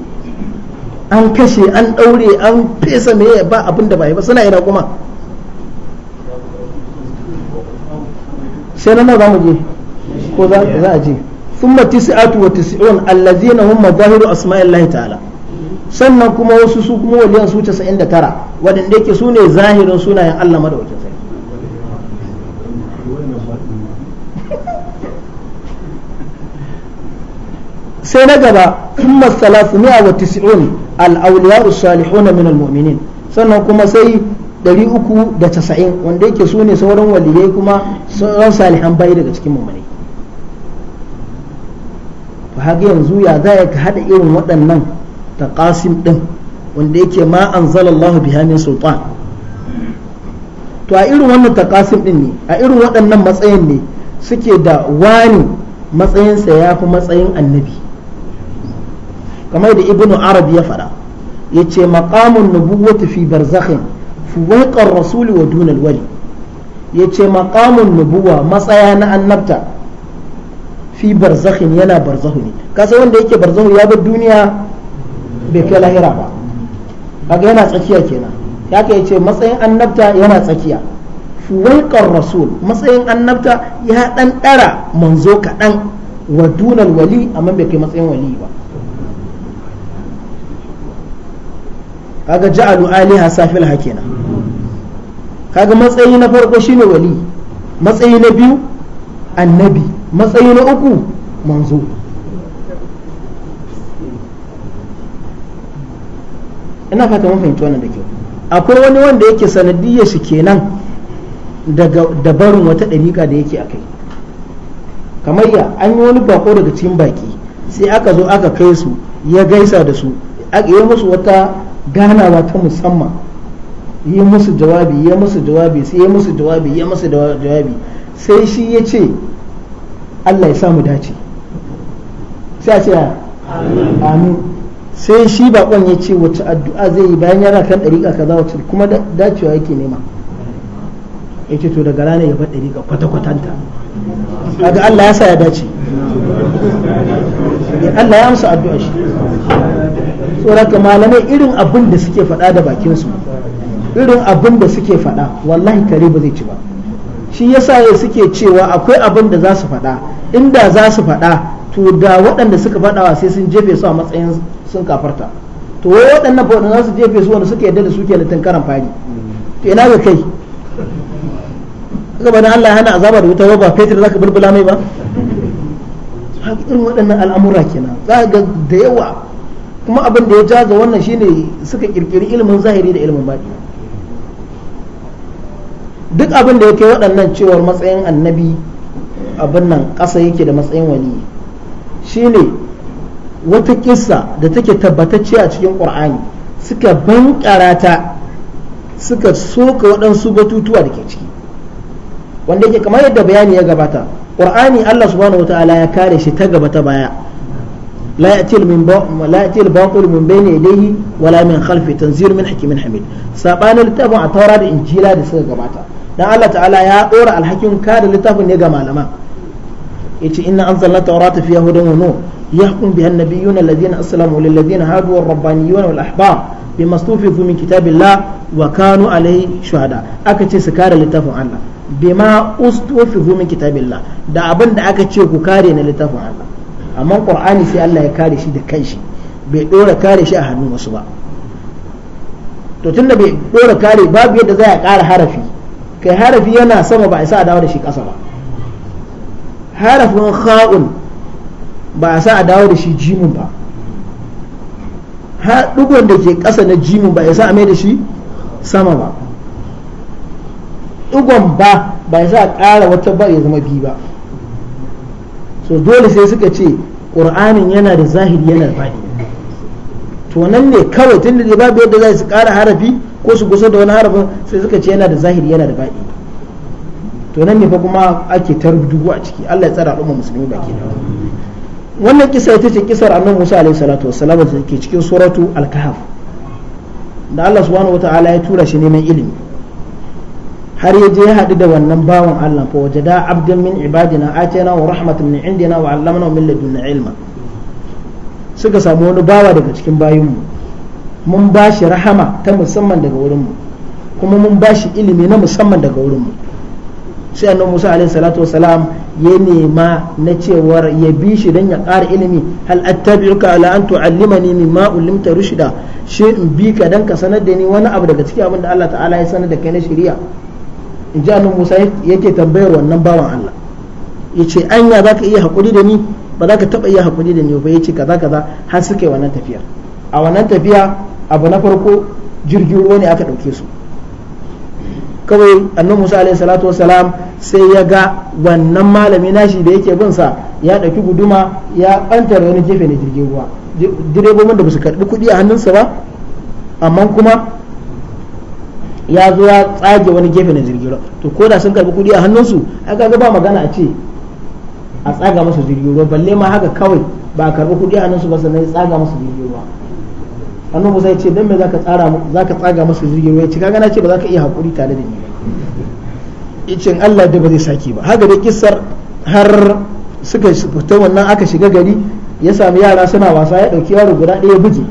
an kashe an ɗaure an fesa me ba abin da bai ba suna ina kuma sai nan za mu je ko za a je thumma tis'atu wa tis'un allazina hum madahiru asma'illahi ta'ala sannan kuma wasu su kuma waliyan su 99 wadanda yake su ne zahirin sunayen Allah madaukakin sai na gaba thumma 390 al-awliya salihuna min al-mu'minin sannan kuma sai 390 wanda yake su ne sauran waliyai kuma sauran salihan bai daga cikin mummuni to haka yanzu ya za ka haɗa irin waɗannan taqasim ɗin wanda yake ma anzalallahu biha min sultan to a irin wannan taqasim ɗin ne a irin waɗannan matsayin ne suke da wani matsayinsa ya fi matsayin annabi kamar da ibnu arabi ya fada faɗa yace maqamun nubuwwati fi barzakhin fuwaiqar rasuli wa dunal wali ya yace maqamun nubuwa matsaya na annabta fi barzakhin yana barzahu ne kasa wanda yake barzahu ya bar duniya bai kai lahira ba kaga yana tsakiya kenan haka yace matsayin annabta yana tsakiya fuwaiqar rasul matsayin annabta ya dan dara manzo kaɗan wa dunal wali amma bai kai matsayin wali ba kaga ja'alu aliha safil hakina kaga matsayi na farko shine wali matsayi na biyu annabi matsayi na uku manzo ina fata mun fahimci wannan da kyau akwai wani wanda yake sanadiyar shi kenan daga dabarun wata ɗariƙa da yake akai kamar ya an yi wani bako daga cikin baki sai aka zo aka kai su ya gaisa da su yi musu wata ganawa ta musamman yi musu jawabi ya musu jawabi sai ya musu jawabi ya musu jawabi sai shi ya ce Allah ya samu dace sai a ce amin sai shi bakon ya ce wacce addu'a zai yi bayan yana kan ɗariƙa kaza wacce kuma dacewa yake nema ya ce to daga rana ya bar ɗariƙa kwata-kwatanta kaga Allah ya sa ya dace Allah ya amsa addu'a shi tsoraka malamai irin abin da suke faɗa da bakinsu irin abin da suke faɗa wallahi kare ba zai ci ba shi yasa ya suke cewa akwai abin da za su faɗa inda za su faɗa to da waɗanda suka wa sai sun jefe su a matsayin sun kafarta to wai waɗannan faɗin za su jefe su wanda suka yadda da suke littin karan fari to ina ga kai gaba da Allah hana azaba da wuta ba fetur zaka bulbula mai ba irin waɗannan al'amura kenan za ga da yawa kuma abin da ya ga wannan shine suka kirkiri ilimin zahiri da ilimin baɗi duk abin da ya kai waɗannan cewar matsayin annabi abin nan ƙasa yake da matsayin wani shine wata kissa da take tabbatacce a cikin ƙur'ani suka bankara ta suka soka waɗansu batutuwa da ke ciki wanda yake kamar yadda bayani ya gabata ƙur'ani allah subhanahu wa ta'ala ya kare shi ta gaba ta baya لا يأتي من لا يأتي الباطل من بين يديه ولا من خلفه تنزيل من حكيم حميد سبحان التابع التوراة إنجيلا دي سوى جبعتا dan Allah ta'ala ya dora alhakin kada littafin ne ga malama yace inna anzalna tawrata fiha hudan wa nur yahkum biha an-nabiyyun alladhina aslamu lil ladina hadu war rabbaniyyun wal ahbar bima stufizu min kitabillah wa kanu alayhi shuhada aka ce su kare littafin Allah bima ustufizu min kitabillah da abin da aka ce ku kare na littafin Allah amma ƙwar'ani sai Allah ya kare shi da kanshi bai ɗora kare shi a hannun wasu ba to tunda bai ɗora kare babu yadda za a ƙara harafi kai harafi yana sama ba a sa a dawo da shi ƙasa ba harafin kha'un ba a sa a dawo da shi jimin ba ha da ke ƙasa na jimin ba ya sa a mai da shi sama ba ɗugon ba ba ya sa a ƙara wata ba ya zama bi ba so dole sai suka ce ƙur'anin yana da zahiri yana da baɗi to nan ne kawai tun da babu yadda za su ƙara harafi ko su gusa da wani harafin sai suka ce yana da zahiri yana da baɗi to nan ne fa kuma ake ta rubutu a ciki Allah ya tsara al'umma musulmi baki da wannan kisa ita ce kisar annabi Musa alaihi salatu wassalam da ke cikin suratu al-kahf da Allah subhanahu wataala ya tura shi neman ilimi har ya je ya haɗu da wannan bawan Allah fa wajada abdan min ibadina atayna wa rahmatan min indina wa 'allamnahu min ladunna ilma suka samu wani bawa daga cikin bayinmu mun ba shi rahama ta musamman daga wurinmu kuma mun ba shi ilimi na musamman daga wurinmu sai annabi Musa alaihi salatu wasalam ya nema na cewar ya bi shi dan ya ƙara ilimi hal attabi'uka ala an tu'allimani mimma ulimta rushida shi in bi ka dan ka sanar da ni wani abu daga cikin abin da Allah ta'ala ya sanar da kai na shari'a in ji annabi Musa yake tambayar wannan bawan Allah yace anya zaka iya hakuri da ni ba za ka taɓa iya hakuri da ni ba yace kaza kaza har suka yi wannan tafiyar a wannan tafiya abu na farko jirgin ruwa ne aka ɗauke su kawai annabi Musa alaihi salatu wasalam sai ya ga wannan malami nashi da yake bin sa ya ɗauki guduma ya ɓanta wani gefe ne jirgin ruwa direbobin da ba su karɓi kuɗi a hannunsa ba amma kuma ya zo ya tsage wani gefe na jirgin ruwa to ko da sun karbi kuɗi a hannunsu a ga ba magana a ce a tsaga masa jirgin ruwa balle ma haka kawai ba a karbi kuɗi a hannunsu ba sannan ya tsaga masa jirgin ruwa hannun Musa ya ce dan me zaka tsara zaka tsaga masa jirgin ruwa ya ce kaga na ce ba zaka iya hakuri tare da ni ba yace Allah da ba zai saki ba haka da kissar har suka fita wannan aka shiga gari ya sami yara suna wasa ya dauki yaro guda ɗaya buge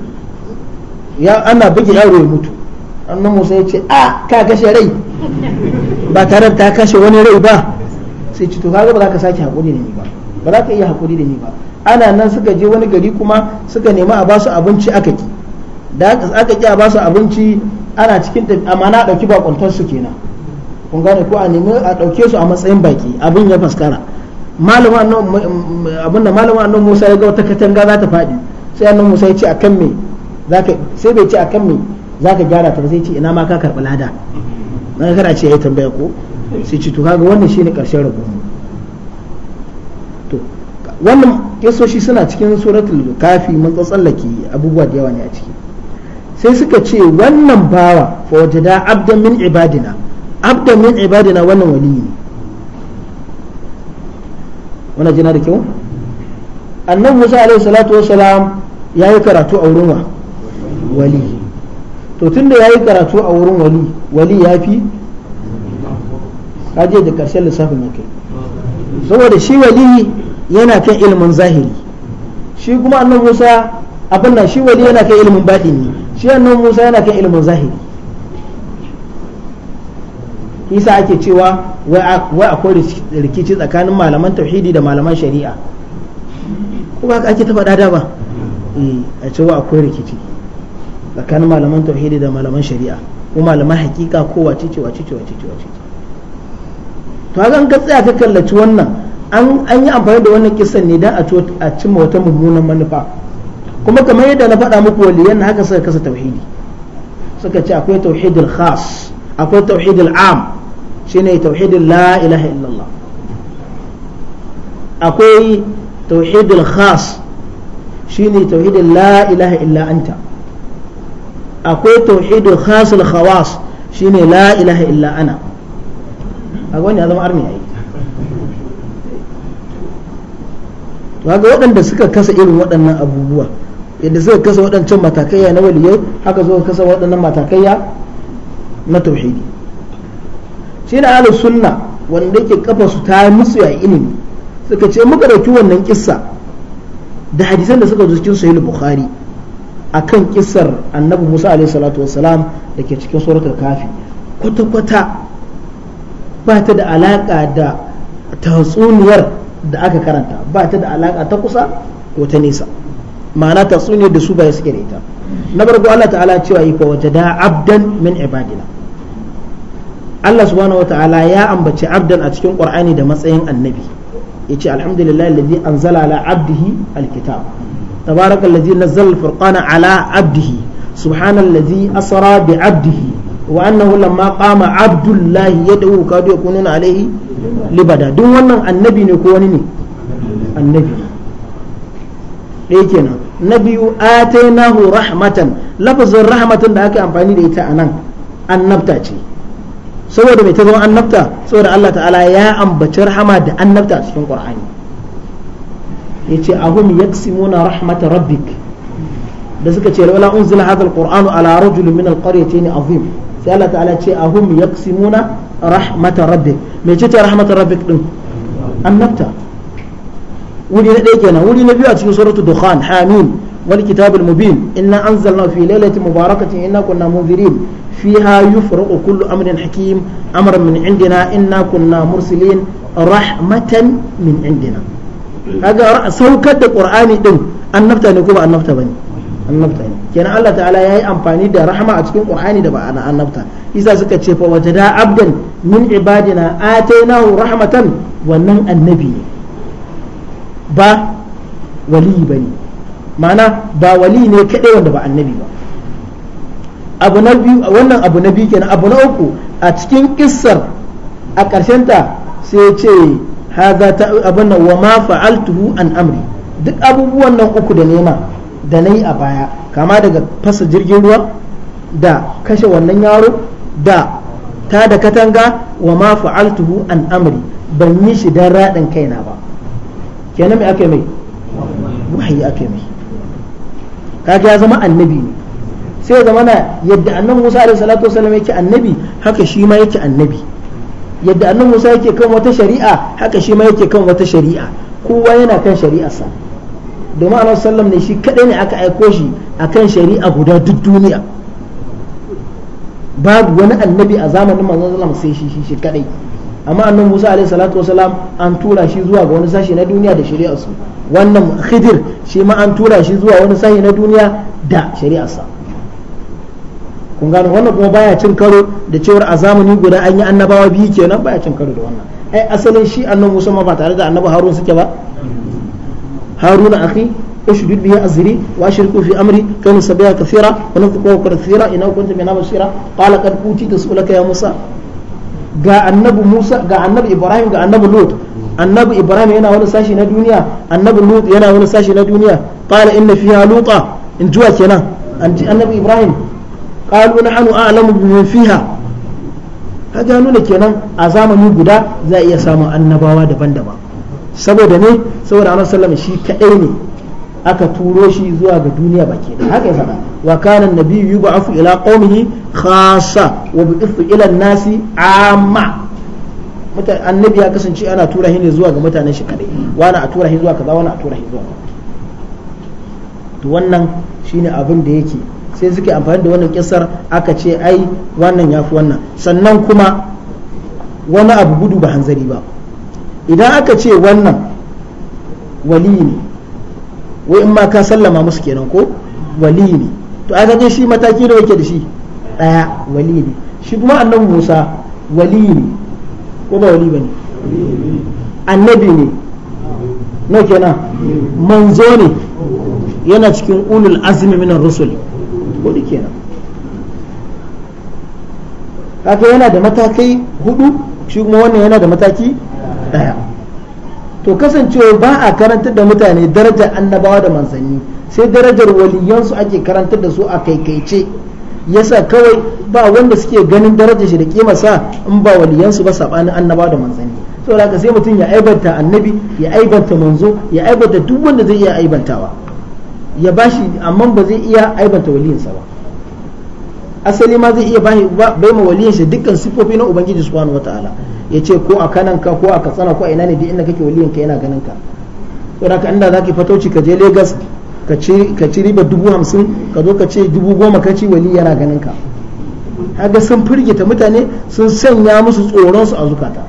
ya ana buge yaro ya mutu annan musa ya ce a ka kashe rai ba tare da ta kashe wani rai ba sai ci to kaga ba za ka sake hakuri da ni ba ba za ka iya hakuri da ni ba ana nan suka je wani gari kuma suka nema a basu abinci aka ki da aka ki a basu abinci ana cikin amma na dauki bakuntar su kenan kun gane ko a nemi a dauke su a matsayin baki abin ya faskara malama abin da malama Musa ya ga wata katanga za ta fadi sai annan Musa ya ce akan me zaka sai bai ce akan me za ka gyara ta sai ce ina ma ka karɓi lada na kana ce yi tambaya ko sai ce to kaga wannan shine karshen rabo to wannan kisoshi suna cikin suratul kafi mun tsallake abubuwa da yawa ne a ciki sai suka ce wannan bawa fa wajada abdan min ibadina abdan min ibadina wannan wali ne wannan jina da kyau annabi Musa alaihi salatu wassalam yayi karatu a wurin wa wali to tunda yi karatu a wurin wali wali ya fi kaje da karshen lissafin ya kai, saboda shi wali yana kan ilimin zahiri shi kuma annan Musa abin na shi wali yana kan ilimin batini shi annan Musa yana kan ilimin zahiri isa ake cewa wai akwai rikici tsakanin malaman tauhidi da malaman shari'a kuma ake ta faɗa da ba eh, a cewa akwai rikici tsakanin malaman tauhidi da malaman shari'a ko malaman hakika ko wace ce wace ce wace ce wace ce to haka ka tsaya ka kallaci wannan an yi amfani da wannan kisan ne dan a cimma wata mummunan manufa kuma kamar yadda na faɗa muku waliyan haka suka kasa tauhidi suka ce akwai tauhidul khas akwai tauhidul am shine tauhidul la ilaha illallah akwai tauhidul khas shine tauhidul la ilaha illa anta akwai tauhidu khasul khawas shine la ilaha illa ana a wani ya zama arni yi to ga waɗanda suka kasa irin waɗannan abubuwa yadda suka kasa waɗancan matakaiya na waliyai haka suka kasa waɗannan matakaiya na tauhidi shi na ala sunna wanda yake kafa su ta musu ya ilimi suka ce muka dauki wannan kissa da hadisan da suka zo cikin sahih bukhari akan kisar annabi Musa alaihi salatu da ke cikin suratul kafi kwata-kwata ba ta da alaka da tatsuniyar da aka karanta ba ta da alaka ta kusa ko ta nesa ma'ana tatsuniyar da su baya suke da ita na farko Allah ta'ala cewa yi waje da abdan min ibadina Allah subhanahu wata'ala ya ambaci abdan a cikin qur'ani da matsayin annabi ya ce alhamdulillah alladhi anzala ala abdihi alkitab تبارك الذي نزل الفرقان على عبده سبحان الذي أسرى بعبده وأنه لما قام عبد الله يدعو كادوا يكونون عليه لبدا دون وانا النبي نكونني النبي ليكنا نبي آتيناه رحمة لفظ الرحمة دا أكي أمباني ليتا أنان النبتة saboda mai ta zama annabta saboda Allah ta'ala ya ambaci rahama da annabta cikin Qur'ani ya yace ahum yaksimuna rahmat rabbik da suka ce laula unzila hadha alquran ala rajulin min alqaryatayn azim sai Allah ta'ala ce ahum yaksimuna rahmat rabbik me ce ta rahmat rabbik din annabta wuri na ɗaya kenan wuri na biyu a cikin suratul dukhan hamim wal kitabul mubin inna anzalna fi lailatin mubarakatin inna kunna munzirin fiha yufraqu kullu amrin hakim amran min indina inna kunna mursilin rahmatan min indina kaga saukar da qur'ani din annabta ne ko ba annabta bane annabta ne kenan Allah ta'ala yayi amfani da rahama a cikin qur'ani da ba ana annabta isa suka ce fa wajada abdan min ibadina atainahu rahmatan wannan annabi ne ba wali bane ma'ana ba wali ne kadai wanda ba annabi ba abu na biyu wannan abu na biyu kenan abu na uku a cikin kissar a ƙarshen ta sai ce ta abin wa ma fa'altuhu an amri duk abubuwan nan uku da nema da nayi a baya kama daga fasa jirgin ruwa da kashe wannan yaro da ta da katanga wa ma fa'altuhu an amri ban yi shi dan radin kaina ba kenan me ake mai wahayi ake mai kaga ya zama annabi ne sai ya zama na yadda annabi Musa alaihi salatu wasallam yake annabi haka shi ma yake annabi yadda annabi Musa yake kan wata shari'a haka shi ma yake kan wata shari'a kowa yana kan shari'arsa domin annabi sallam ne shi kadai ne aka aiko shi akan shari'a guda duk duniya babu wani annabi a zamanin manzon sallam sai shi shi kadai amma annabi Musa alaihi salatu wasalam an tura shi zuwa ga wani sashi na duniya da shari'arsu wannan Khidir shi ma an tura shi zuwa wani sashi na duniya da shari'arsa kun gane wannan kuma baya cin karo da cewar a zamani guda an yi annabawa biyu kenan baya cin karo da wannan ai asalin shi annabi Musa ma ba tare da annabi Harun suke ba Haruna akhi اشدد به أزري وأشركه في أمري كي نسبحك كثيرا ونذكره كثيرا إنه كنت بنا بصيرا قال قد أوتيت سؤلك يا موسى ga annabi Musa ga annabi Ibrahim ga annabi Lut annabi Ibrahim yana wani sashi na duniya annabi Lut yana wani sashi na duniya qala inna fiha luta in juwa kenan annabi Ibrahim qalu nahnu a'lamu biman fiha kaga nuna kenan a zamani guda za iya samun annabawa daban-daban saboda ne saboda annabi sallallahu shi kadai ne aka turo shi zuwa ga duniya baki da haka ya faɗa wa kana nabiyyu yub'athu ila qaumihi khassa wa bi'ithu ila nasi amma annabi ya kasance ana tura shi ne zuwa ga mutanen shi kadai wani a tura shi zuwa kaza wani a tura shi zuwa to wannan shine abin da yake sai suke amfani da wannan kisar aka ce ai wannan ya fi wannan sannan kuma wani abu gudu ba hanzari ba idan aka ce wannan wali ne wai in ma ka sallama musu kenan ko wali ne to aka ce shi mataki da yake da shi ɗaya wali ne shi kuma annabi musa wali ne ko ba wali ba ne annabi ne no kenan manzo ne yana cikin ulul azmi minar rusul. hudu kenan kaga yana da matakai hudu shi kuma wannan yana da mataki daya to kasancewa ba a karantar da mutane darajar annabawa da manzanni sai darajar waliyansu ake karantar da su a kaikaice yasa kawai ba wanda suke ganin darajar shi da sa in ba waliyansu ba sabanin annabawa da manzanni saboda haka sai mutum ya aibanta annabi ya aibanta manzo ya aibanta duk wanda zai iya aibantawa ya bashi amma ba zai iya aibanta waliyinsa ba asali ma zai iya bai ma waliyin shi dukkan sifofi na ubangiji subhanahu wataala ya ce ko a kananka ko a katsana ko a ina ne duk inda kake waliyin ka yana ganin ka saboda ka inda zaki fatauci ka je Lagos ka ci riba dubu hamsin ka zo ka ce dubu goma ka ci wali yana ganin ka haka sun firgita mutane sun sanya musu tsoron su a zukata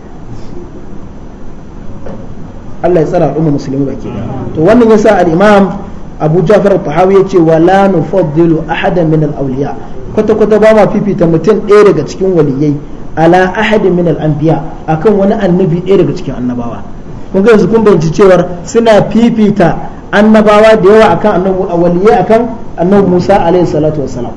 Allah ya tsara al'umma musulmi baki to wannan yasa al-imam abu jafar tahawi ya ce wala nufaddilu ahadan min al-awliya kwata kwata ba ma fifita mutum ɗaya daga cikin waliyai ala ahadin min al-anbiya akan wani annabi ɗaya daga cikin annabawa kun ga yanzu kun bayyana cewar suna fifita annabawa da yawa akan annabi waliyai akan annabi Musa alaihi salatu wassalam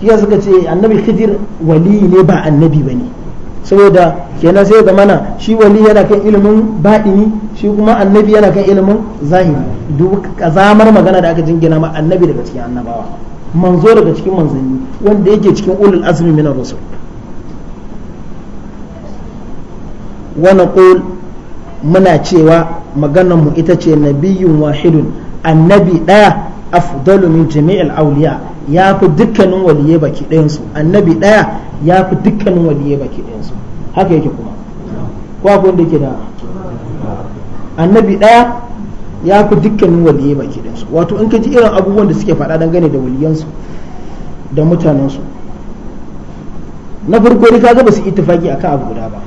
shi ya suka ce annabi Khidir wali ne ba annabi bane saboda kenan sai ga mana shi wali yana kan ilimin baɗini shi kuma annabi yana kan ilimin zahiri duk kazamar magana da aka jingina ma annabi daga cikin annabawa manzo daga cikin manzanni wanda yake cikin ulul azmi min ar-rusul wa naqul muna cewa maganar mu ita ce nabiyyun wahidun annabi daya afdalu min jami'il awliya ya fi dukkanin waliyai baki ɗayan su annabi ɗaya ya fi dukkanin waliyai baki ɗayan su haka yake kuma ko akwai wanda yake da annabi ɗaya ya fi dukkanin waliyai baki ɗayan su wato in ka ji irin abubuwan da suke faɗa dangane da su da mutanen su na farko ne kaga ba su ittifaki akan abu guda ba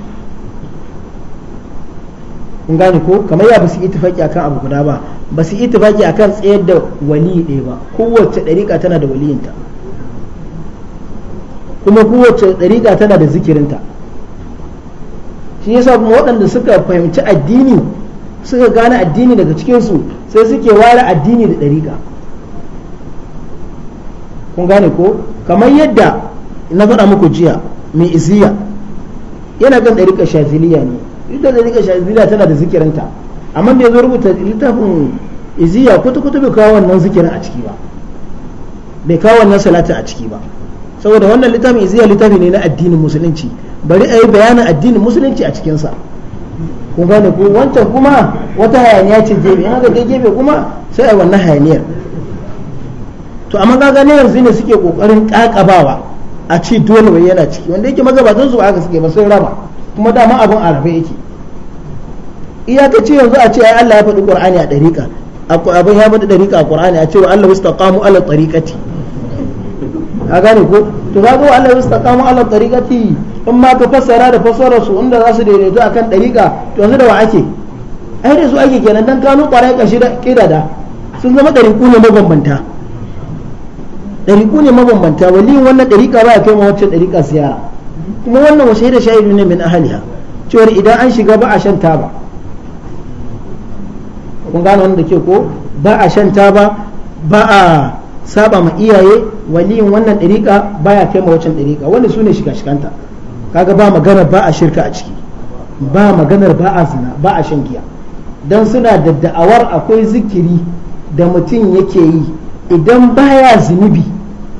in gane ko kamar ya ba su ittifaki akan abu guda ba ba su yi tufaki a kan tsayar da wali ɗaya ba kowace ɗariƙa tana da waliyinta kuma kowace ɗariƙa tana da zikirinta shi yasa kuma waɗanda suka fahimci addini suka gane addini daga cikinsu sai suke ware addini da ɗariƙa kun gane ko kamar yadda na faɗa muku jiya mai iziya yana kan ɗariƙa shaziliya ne ita ɗariƙa shaziliya tana da zikirinta amma da ya zo rubuta littafin iziya kwata-kwata bai kawo wannan zikirin a ciki ba bai kawo wannan salatin a ciki ba saboda wannan littafin iziya littafi ne na addinin musulunci bari a yi bayanin addinin musulunci a cikinsa kun gane ko wancan kuma wata hayaniya ce gefe in aka kai gefe kuma sai a wannan hayaniyar to amma ga gane yanzu ne suke kokarin kakabawa a ci dole wai yana ciki wanda yake magabatan su aka suke ba sun raba kuma dama abun arabe yake iyakaci yanzu a ce ai Allah ya faɗi Qur'ani a Akwai abin ya faɗi ɗariƙa a Qur'ani a ce wa Allah mustaqamu ala tariqati a gane ko to ka ga Allah mustaqamu ala tariqati in ma ka fassara da fassara su inda za su daidaito akan ɗariƙa to yanzu da wa ake ai da su ake kenan dan kanu ƙwarai shi da kidada? sun zama ɗariƙu ne mabambanta ɗariƙu ne mabambanta waliyin wannan ɗariƙa ba ya kai ma wacce ɗariƙa siyara kuma wannan wasu da sha'idu ne min ahliha cewa idan an shiga ba a shan taba kun gane wanda ke ko ba a shan taba ba a saba ma iyaye waliyin wannan ɗariƙa baya kai ma wancan ɗariƙa wanda su ne shiga shikanta kaga ba magana ba a shirka a ciki ba maganar ba a zina ba a shan giya dan suna da da'awar akwai zikiri da mutum yake yi idan baya zunubi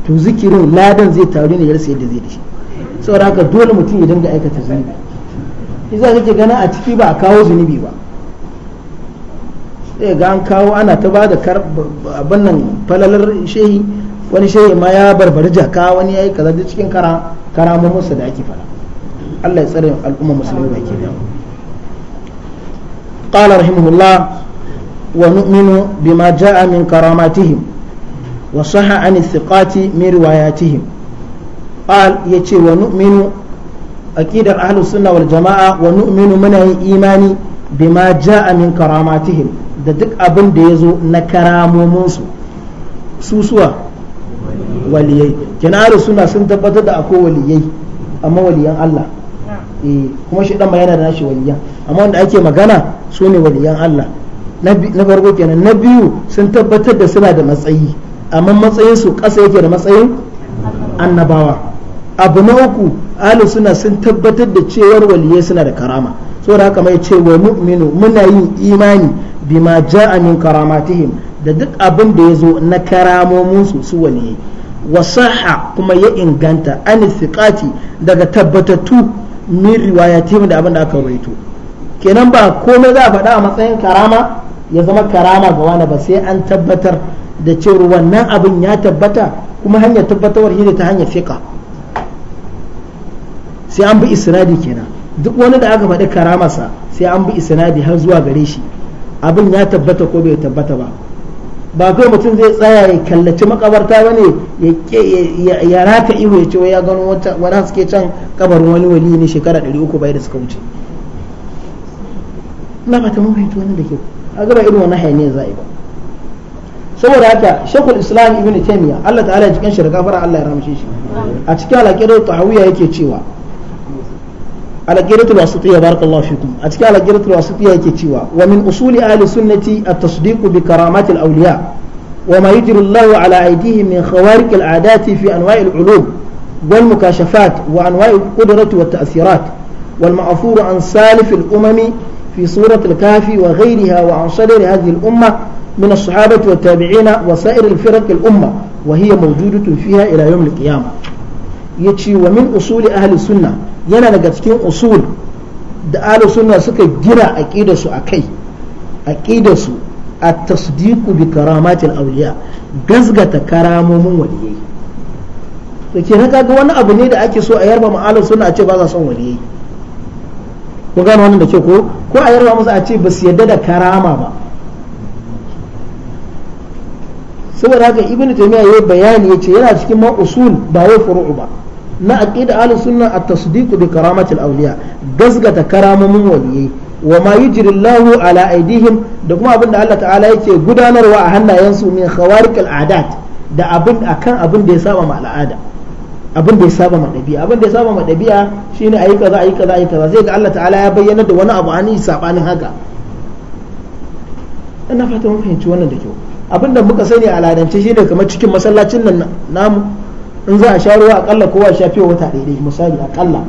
to zikirin ladan zai taru ne yarsa yadda zai da shi saboda haka dole mutum ya dinga aikata zunubi idan kake gana a ciki ba a kawo zunubi ba zai ga an kawo ana ta ba da abin nan falalar shehi wani shehi ma ya barbari jaka wani ya yi kaza duk cikin musu da ake fara Allah ya tsare al'umma musulmi baki da قال رحمه الله ونؤمن بما جاء من كراماتهم وصح عن الثقات من رواياتهم قال يتي ونؤمن أكيد أهل السنة والجماعة ونؤمن من imani. bima ja'a min karamatihim da duk abin da ya zo na karamominsu susuwa waliyai kenan suna sun tabbatar da akwai waliyai amma waliyan Allah eh, kuma shi dan yana da nashi waliyan amma wanda ake magana su ne waliyan Allah na farko kenan na biyu sun tabbatar da suna da matsayi amma matsayin su ƙasa yake da matsayin annabawa abu na uku ahlus suna sun tabbatar da cewar waliyai suna da karama saboda haka mai ce wa mu'minu muna yin imani bima ja'a min karamatihim da duk abin da ya zo na karamomin su su wa wasaha kuma ya inganta an thiqati daga tabbatatu min riwayatihim da abin da aka rawaito kenan ba komai za a faɗa a matsayin karama ya zama karama ga wani ba sai an tabbatar da cewar wannan abin ya tabbata kuma hanyar tabbatarwar shi ta hanyar fiqa sai an bi isnadi kenan duk wani da aka faɗi karamarsa sai an bi isnadi har zuwa gare shi abin ya tabbata ko bai tabbata ba ba kai mutum zai tsaya ya kallaci makabarta ba ne ya rata ihu ya ce wai ya gano wata wani suke can kabarin wani wali ne shekara 300 bai da suka wuce na ba ta mun fahimci wannan da ke a gaba irin wani hayaniyar yi ba saboda haka shekul islam ibn taimiyya Allah ta'ala ya cikin shirka fara Allah ya ramshe shi a cikin alaƙirar ta'awiyya yake cewa al-qiratul barakallahu fikum a cikin al-qiratul yake cewa wa min usuli ahli sunnati at-tasdiq bi karamati al-awliya wa ma yajri Allahu ala aydihim min khawariq al-'adati fi anwa'i al-ulum wal mukashafat wa anwa'i al-qudrati wat ta'sirat wal ma'fur an salif al-umami في سورة الكافي وغيرها وعن صدر هذه الأمة من الصحابة والتابعين وسائر الفرق الأمة وهي موجودة فيها إلى يوم القيامة يتشي ومن أصول أهل السنة yana daga cikin usul da alu suna suka gina aqidar su a aqidar su tasdiku bi karamatin auliya gazgata karamomin waliyai to ke na kaga wani abu ne da ake so a yarba ma'alar suna a ce ba za son waliyai ko gano wannan da ke ko ko a yarba musu a ce ba su yadda da karama ba saboda haka ibnu taymiya yayi bayani ce yana cikin ma'usul usul ba wai furu'u ba na aqida ahlus sunna at-tasdiq bi al awliya gazgata karamomin waliyi wa ma yujri Allahu ala aidihim da kuma abinda Allah ta'ala yake gudanarwa a hannayensu min khawariq al-adat da abin akan abin da ya saba ma al'ada abin da ya saba ma dabi'a abin da ya saba ma dabi'a shine ayi kaza ayi kaza ayi kaza zai ga Allah ta'ala ya bayyana da wani abu ani sabanin haka ina fata mun fahimci wannan da kyau abin da muka sani a ladance shine kamar cikin masallacin nan namu in za a sha ruwa akalla kowa sha fiye wata ɗaya misali akalla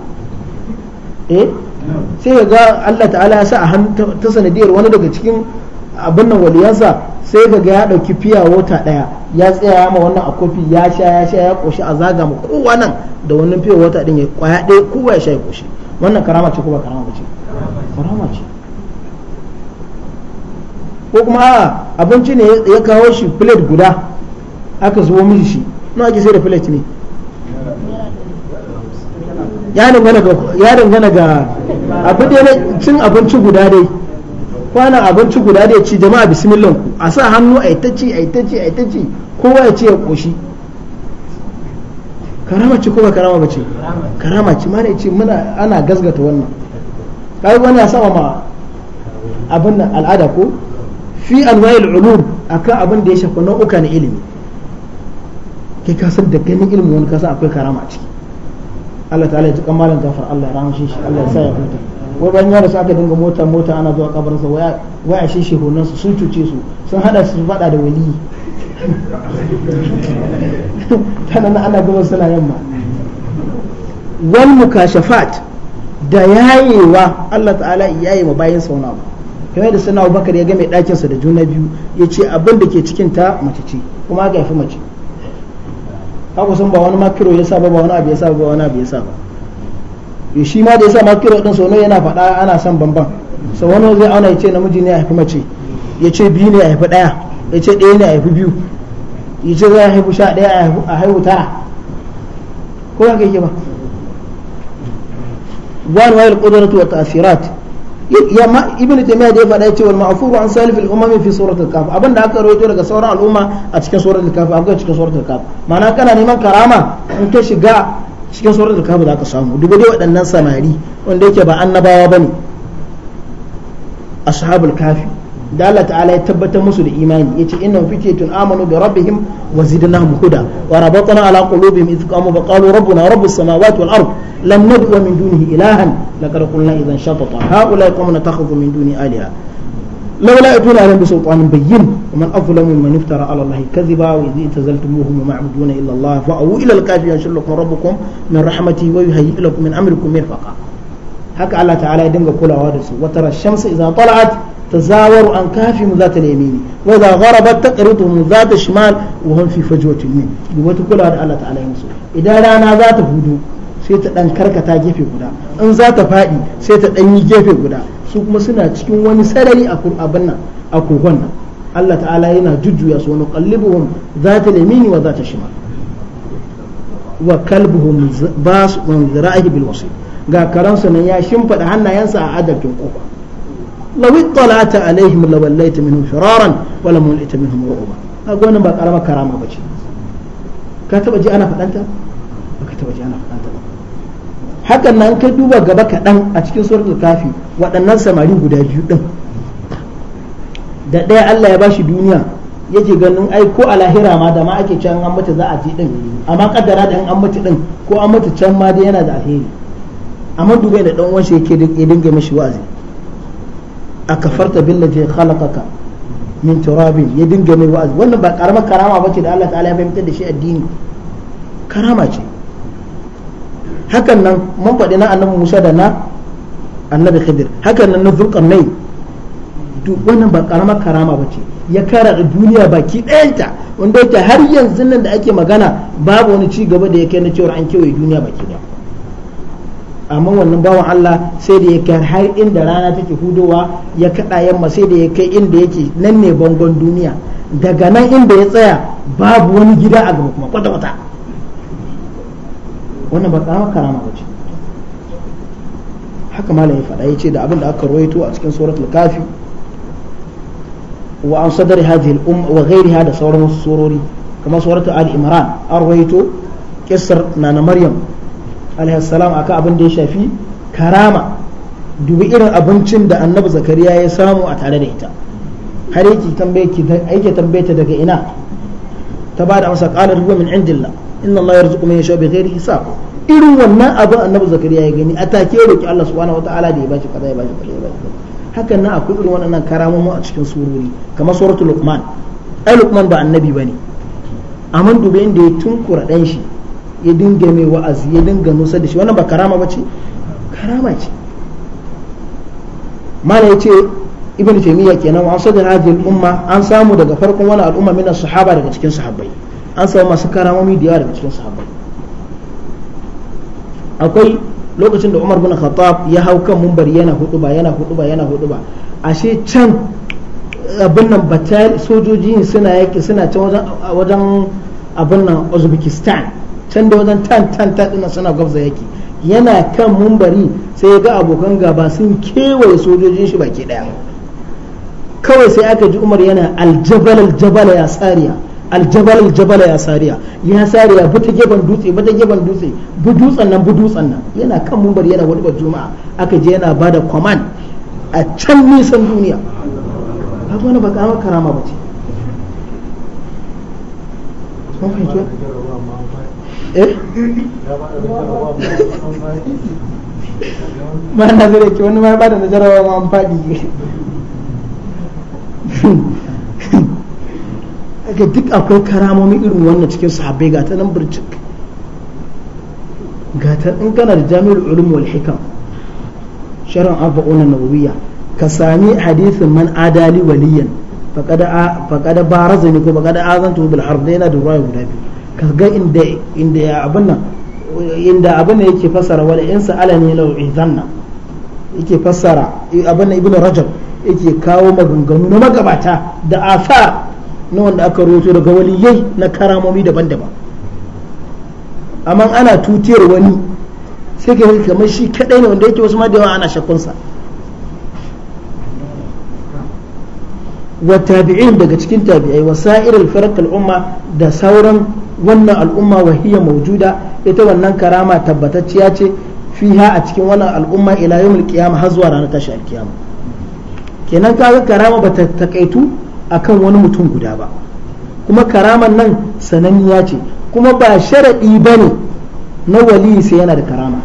eh sai ga Allah ta'ala ya sa a hannu ta sanadiyar wani daga cikin abin nan waliyansa sai ka ga ya ɗauki fiya wata ɗaya ya tsaya ma wannan a kofi ya sha ya sha ya ƙoshi a zaga ma kowa nan da wannan fiye wata ɗin ya kwaya ɗaya kowa ya sha ya ƙoshi wannan karama ce ko ba karama ce karama ce ko kuma abinci ne ya kawo shi plate guda aka zuwa mishi shi nawa ake sai da plate ne ya dangana ga cin abinci guda dai kwanan abinci guda dai ci jama'a bismillah ku a sa hannu a ta ci a ta ci a ita ci kowa ya ce ya koshi karama ce kowa karama ba ce karama ce mana ce muna ana gasgata wannan kai wani ya sama ma abin al'ada ko fi anwa'il ulum akan abin da ya shafa nau'uka na ilimi ke ka da ganin ilmi wani kasa akwai karama a ciki Allah ta'ala ya ji kamalin gafar Allah ya rahamshe shi Allah ya sa ya huta wai bayan ya aka dinga mota mota ana zuwa kabarinsa wai a shi honan su sun cuce su sun hada su fada da waliyi tana na ana gaba suna yamma wal mukashafat da yayewa Allah ta'ala yi ma bayan sauna ba kamar da sanawa bakar ya ga mai ɗakinsa da juna biyu ya ce abin da ke cikin ta mace ce kuma ga yafi mace haka sun ba wani makiro ya sa ba ba wani abu ya sa ba wani abu ya sa ba eh, shi ma da ya sa makiro din sono yana faɗa ana son bamban sau wani zai auna ya ce namiji ne a haifi mace ya ce biyu ne a haifi ɗaya ya ce ɗaya ne a haifi biyu ya ce zai a haifi sha ɗaya a haihu tara ko ya kai ba wani wayar ƙudurat wa ta'asirat yamma ibnu taymiya da ya faɗa yace wal ma'fur an salif al umam fi surat al kaf abinda aka rawaito daga sauran al'umma a cikin surat al kaf akwai cikin surat al kaf ma'ana kana neman karama in ka shiga cikin surat al kaf za ka samu duba dai waɗannan samari wanda yake ba annabawa bane ashabul kafi da Allah ta'ala ya tabbatar musu da imani ya ce inna fi tun amanu bi rabbihim wa zidnahum huda wa rabatna ala qulubihim idh qamu fa qalu rabbuna rabbus samawati wal ard lam nad'u min dunihi ilahan laqad qulna idhan shatata haula yaqumuna takhudhu min duni aliha law la atuna alim bi an bayyin wa man aflamu man iftara ala allahi kadhiba wa idh tazaltumuhum ma'buduna illa allah fa aw ila al kafi yashlukum rabbukum min rahmatihi wa yuhayyi lakum min amrikum mirfaqan haka Allah ta'ala ya dinga kulawa da su wata shamsu idza tala'at tazawaru an zata al-yamini ta idza mu taqriduhum zata shimal wa hum fi wata kulawa da Allah ta'ala ya musu idan rana za ta hudu sai ta dan karkata gefe guda in za ta fadi sai ta dan yi gefe guda su kuma suna cikin wani sarari a abin nan a kogon nan Allah ta'ala yana jujjuya su wani qallibuhum zata al wa zata shimal wa kalbuhum ba su zira'ihi bil wasil ga karansu nan ya shimfiɗa hannayensa a adabin kofa lawi talata alaihim lawallaita minhum firaran wala mulita minhum ru'uba kaga wannan ba karama karama ba ce ka taba ji ana faɗanta ba ka taba ji ana faɗanta ba hakan nan kai duba gaba kaɗan a cikin suratul kafi waɗannan samari guda biyu ɗin da ɗaya Allah ya bashi duniya yake ganin ai ko a lahira ma da ma ake can an mutu za a ji din amma kaddara da an mutu ɗin ko an mutu can ma dai yana da alheri amma dubai da dan uwanshi yake ya dinga mishi wa'azi a kafarta billazi khalaqaka min turabin ya dinga mai wa'azi wannan ba karamar karama bace da Allah ta'ala ya fahimtar da shi addini karama ce hakan nan mun faɗi na annabi Musa da na annabi Khidir hakan nan na Zulqarnain duk wannan ba karamar karama bace ya kara duniya baki ɗayanta wanda yake har yanzu nan da ake magana babu wani ci gaba da ya kai na cewa an kewaye duniya baki ɗaya amma wannan bawan Allah sai da ya kai har inda rana take hudowa ya kada yamma sai da ya kai inda yake nan ne bangon duniya daga nan inda ya tsaya babu wani gida a gaba kuma kwata kwata wannan ba karama ba ce haka malam ya faɗa ya ce da abin da aka rawaito a cikin suratul kafi wa an sadari hadhihi al-umma wa ghayriha da sauran wasu surori kamar suratul ali imran an rawaito kissar nana maryam alaihi salam akan abin da ya shafi karama dubi irin abincin da annabi zakariya ya samu a tare da ita har yake tambaye ta daga ina ta ba da amsa qala huwa min indillah inna Allah yarzuqu man yasha'u bighairi hisab irin wannan abin annabi zakariya ya gani a atake roki Allah subhanahu wataala da ya bashi kaza ya bashi kaza ya bashi hakan na akwai irin waɗannan mu a cikin surori kamar suratul luqman ai luqman ba annabi bane amma dubi inda ya tunkura dan shi ya dinga mai wa'azi ya dinga nusa da shi wannan ba karama ba ce karama ce mana ya ce ibn taymiya kenan wa amsa hadhihi al umma an samu daga farkon wani al'umma min sahaba daga cikin sahabbai an samu masu karamomi da yawa daga cikin sahabbai akwai lokacin da Umar bin Khattab ya hau kan mumbari yana hudu ba yana hudu ba yana hudu ba ashe can abin nan batal sojoji suna yaki suna can wajen abin nan Uzbekistan can da wajen tan tan tan dinnan suna gwabza yaki yana kan mumbari sai ya ga abokan gaba sun kewaye sojojin shi baki daya kawai sai aka ji umar yana aljabal aljabala ya sariya aljabal aljabala ya sariya ya sariya buta ta gefen dutse buta ta gefen dutse bu dutsen nan bu dutsen nan yana kan mumbari yana wadda juma'a aka je yana bada command a can nisan duniya kaga wani ba karama ba ce ma eh? na wani ma ba da an faɗi duk akwai karamomi irin wannan cikin sahabbai ga ta nan birjik ga ta in kana da jamiul ulum wal hikam sharan arba'una nawawiyya ka sami hadisin man adali waliyan faqad faqad barazani ko faqad azantu bil harb yana da ruwaya guda biyu ka ga inda inda abin nan inda abin nan yake fassara wala in sa'ala ne lau idanna yake fassara abin nan ibnu rajab yake kawo maganganu na magabata da afa na wanda aka rubuto daga waliyai na karamomi daban-daban amma ana tutiyar wani sai ka yi kamar shi kadai ne wanda yake wasu ma da yawa ana shakunsa. wa tabi'in daga cikin tabi'ai wa al farq al umma da sauran wannan al'umma wahiya maujuda ita wannan karama tabbatacciya ce fiha a cikin wannan al'umma ila yawmul qiyamah har zuwa ranar tashi alkiyama kenan kaga karama bata takaitu akan wani mutum guda ba kuma karaman nan sananniya ce kuma ba sharadi bane na wali sai yana da karama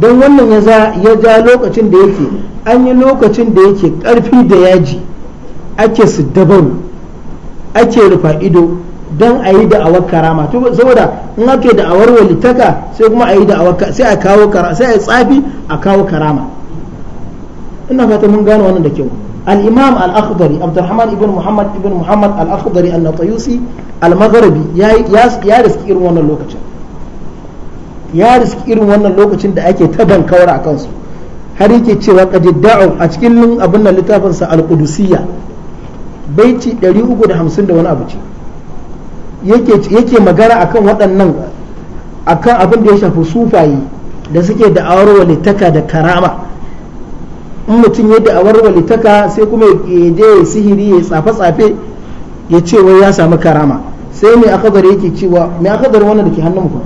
don wannan ya ja lokacin da yake an yi lokacin da yake karfi da yaji ake siddabaru ake rufa ido don a yi da'awar karama saboda in ake da'awar walitaka sai kuma a yi da'awar sai a kawo karama sai a tsafi a kawo karama ina fata mun gano wannan da kyau al-imam al-akhdari abdurrahman ibn muhammad ibn muhammad al-akhdari an-natayusi al-maghribi ya ya riski irin wannan lokacin ya riski irin wannan lokacin da ake ta kawar a kansu har yake cewa qadidda'u a cikin abin nan littafinsa al-qudusiyya baiti 350 da wani abu ce yake magana akan waɗannan akan abin da ya shafi sufaye da suke da awar walitaka da karama in mutum ya da awar walitaka sai kuma ya je sihiri ya tsafe-tsafe ya ce wai ya samu karama sai mai akadar yake cewa mai akadar wannan da ke hannun ku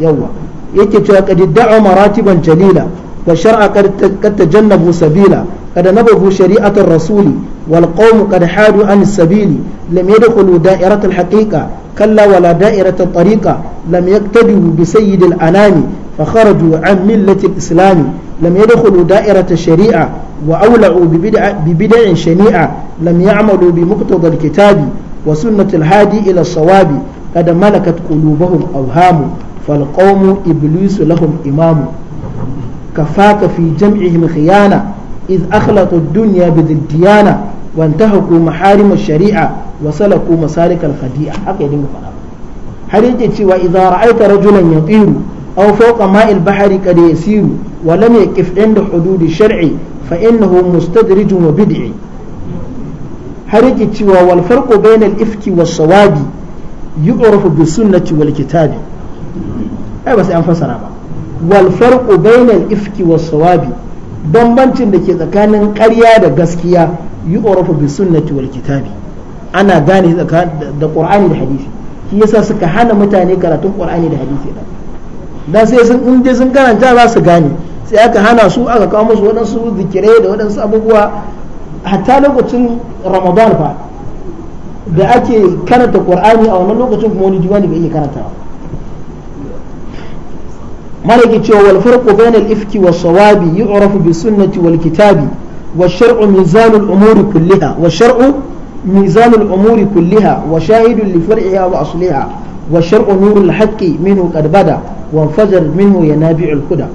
yawwa yake cewa qad da'a maratiban jalila wa shar'a qad tajannabu sabila qad nabahu shari'atar rasuli wal qawmu qad hadu an sabili lam yadkhulu da'irat al haqiqa كلا ولا دائرة طريقة لم يقتدوا بسيد الأنام فخرجوا عن ملة الإسلام لم يدخلوا دائرة الشريعة وأولعوا ببدع, ببدع شنيعة لم يعملوا بمقتضى الكتاب وسنة الهادي إلى الصواب قد ملكت قلوبهم أوهام فالقوم إبليس لهم إمام كفاك في جمعهم خيانة إذ أخلطوا الدنيا بذي الديانة وانتهكوا محارم الشريعة وسلكوا مسالك الخديعة حكى يدين فلا حريجة سوى إذا رأيت رجلا يطير أو فوق ماء البحر قد يسير ولم يقف عند حدود الشرع فإنه مستدرج وبدعي حريجة سوى والفرق بين الإفك والصواب يعرف بالسنة والكتاب أي بس أنفسنا بقى والفرق بين الإفك والصواب bambancin da ke tsakanin ƙarya da gaskiya yu'rafu bi sunnati wal kitabi ana gane da qur'ani da hadisi shi yasa suka hana mutane karatun qur'ani da hadisi da da sai sun in dai sun karanta za su gane sai aka hana su aka kawo musu waɗansu zikirai da waɗansu abubuwa hatta lokacin ramadan fa da ake karanta qur'ani a wannan lokacin kuma wani diwani bai iya karanta malaki cewa wal farqu bainal ifki was sawabi yu'rafu bi sunnati wal kitabi والشرع ميزان الأمور كلها والشرع ميزان الأمور كلها وشاهد لفرعها وأصلها والشرع نور الحق منه قد بدا وانفجر منه ينابع الهدى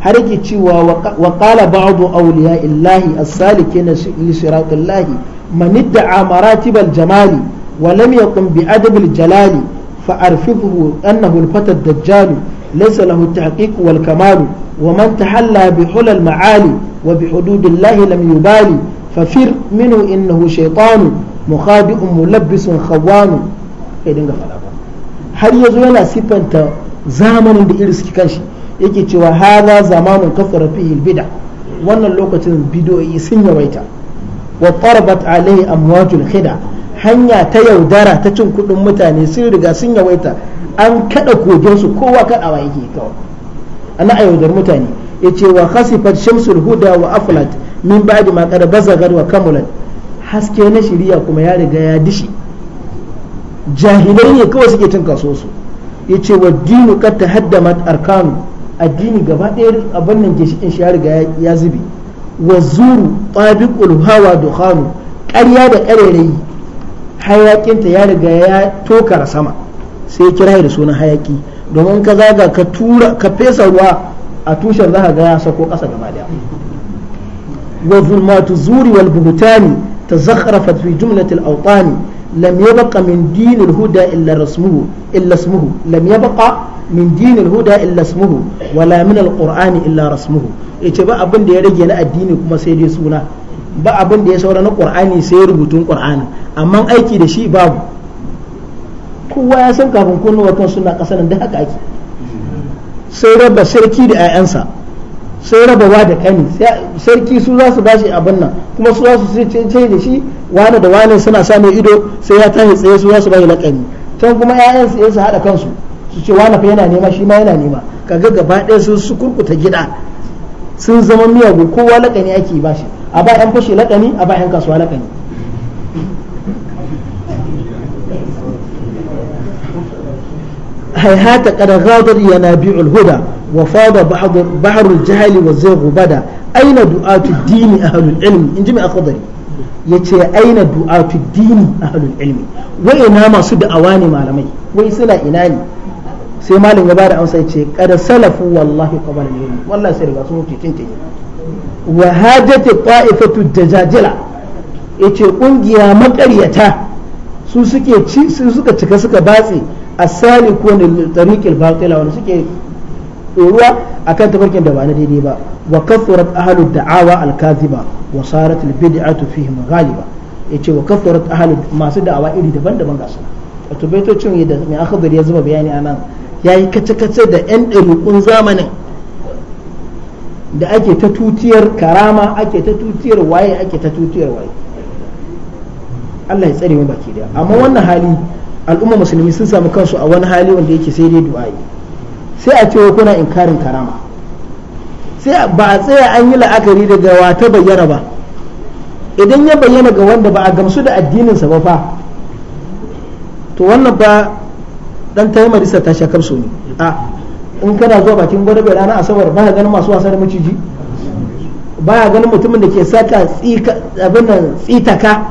حركي تشوى وقال بعض أولياء الله السالكين لصراط الله من ادعى مراتب الجمال ولم يقم بأدب الجلال فأرفقه أنه الفتى الدجال ليس له التحقيق والكمال ومن تحلى بحلى المعالي وبحدود الله لم يبالي ففر منه إنه شيطان مخادئ ملبس خوان har yazo yana siffanta zamanin da iriski kanshi yake cewa haza zamanin kasar fihi bid'a wannan lokacin bid'o'i sun yawaita wa tarabat alaihi amwajul khida hanya ta yaudara ta cin kuɗin mutane sun riga sun yawaita an kada kogensu kowa kadawa yake kawai ana a yaudar mutane yace wa khasifat shamsul huda wa aflat min ba'di ma qad bazagar wa kamulat haske na shiriya kuma ya riga ya dishi jahilai ne kawai suke tun kaso su yace wa dinu qad tahaddamat arkanu addini gaba ɗaya abin nan ke shi ya riga ya zubi wa zuru tabiqul hawa dukhanu ƙarya da ƙarairayi hayakinta ya riga ya tokara sama sai kira da sunan hayaki domin ka zaga ka tura ka fesa ruwa a tushen za ka ga ya sako ƙasa gaba daya wa zulmatu zuri wal buhutani tazakhrafat fi jumlatil awtani lam yabqa min dinil huda illa rasmuhu illa ismuhu lam yabqa min dinil huda illa ismuhu wala min al illa rasmuhu yace ba abin da ya rage na addini kuma sai dai suna ba abin da ya saura na qur'ani sai rubutun qur'ani amma aiki da shi babu kowa ya san kafin kunnuwa kan suna ƙasar da haka ake sai raba sarki da 'ya'yansa sai raba da kani sarki su za su ba shi abin nan kuma su za su ce da shi wane da wane suna sa ido sai ya tashi tsaye su za su ba shi lakani can kuma 'ya'yan su su haɗa kansu su ce wane fa yana nema shi ma yana nema kaga gaba ɗaya sun su kurkuta gida sun zama miyagu kowa lakani ake ba shi a ba 'yan fashe lakani a ba 'yan kasuwa lakani هيهات قد غادر ينابيع الهدى وفاض بحر, بحر الجهل وزيغ بدا أين دعاة الدين أهل العلم إن جمع خضري يتي أين دعاة الدين أهل العلم وإنا ما سد أواني معلمي وإسلا إناني sai malin ya bada amsa yace kada salafu wallahi qabala al-yawm wallahi sai riga sun mutu tintin wa hajatu ta'ifatu dajajila yace kungiya su ci su suka cika suka batse asali salikun lil-tariq al-batila wanda suke ruwa akan tafarkin da ba na daidai ba wa kathurat ahlud da'awa al-kadhiba wa sarat al-bid'atu fihim ghaliba yace wa kathurat ahlud masu da'awa iri daban-daban ga su wato baitocin da mai akhbar ya zuba bayani anan yayi kace-kace da yan ɗariƙun zamanin da ake ta tutiyar karama ake ta tutiyar waye ake ta tutiyar waye Allah ya tsare mu baki daya amma wannan hali al'umma musulmi sun samu kansu a wani hali wanda yake sai dai du'a'i sai a cewa kuna inkarin karama sai ba a tsaya an yi la'akari daga wata bayyana ba idan ya bayyana ga wanda ba a gamsu da addininsa ba fa to wannan ba dan ta marisa ta sha kamsu ne a in kana zuwa bakin gwada bai rana asabar ba ka ganin masu wasa da maciji ba ya ganin mutumin da ke saka abin nan tsitaka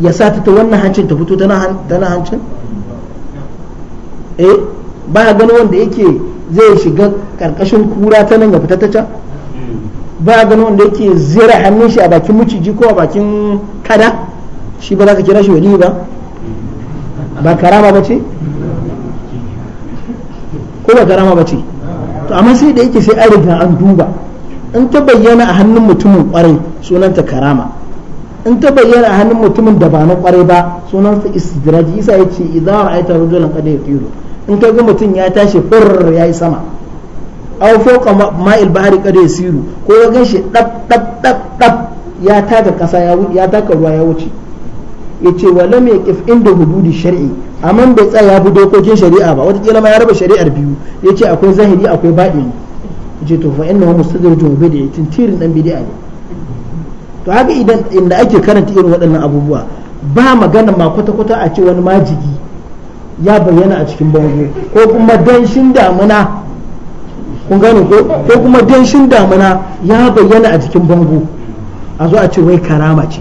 ya sata ta wannan hancin ta fito tana hancin eh baya gani wanda yake zai shiga karkashin kura ta nan ya fita ta can baya gani wanda yake zira hannun shi a bakin muciji ko a bakin kada shi ba za ka kira shi wani ba ba karama ba ce ko ba karama ba ce to amma sai da yake sai an riga an duba in ta bayyana a hannun mutumin kwarai sunanta karama in ta bayyana a hannun mutumin da ba na kwarai ba sunansa istidraji isa ya ce idan ra'aita rajulan ya tiro in ka ga mutum ya tashi ya yi sama aw fawqa ma'il bahri ya yasiru ko ya ganshi dab dab dab dab ya taka kasa ya taka ruwa ya wuce yace wa lam yaqif inda hududi shar'i man bai tsaya bi dokokin shari'a ba wata ma ya raba shari'ar biyu ya ce akwai zahiri akwai baɗini yace to fa innahu mustadrijun bid'atin tirin dan bid'a ne to haka idan inda ake karanta irin waɗannan abubuwa ba magana ma kwata-kwata a ce wani majigi ya bayyana a cikin bango ko kuma danshin damuna kun ko ko kuma danshin damuna ya bayyana a cikin bango a zo a ce wai karama ce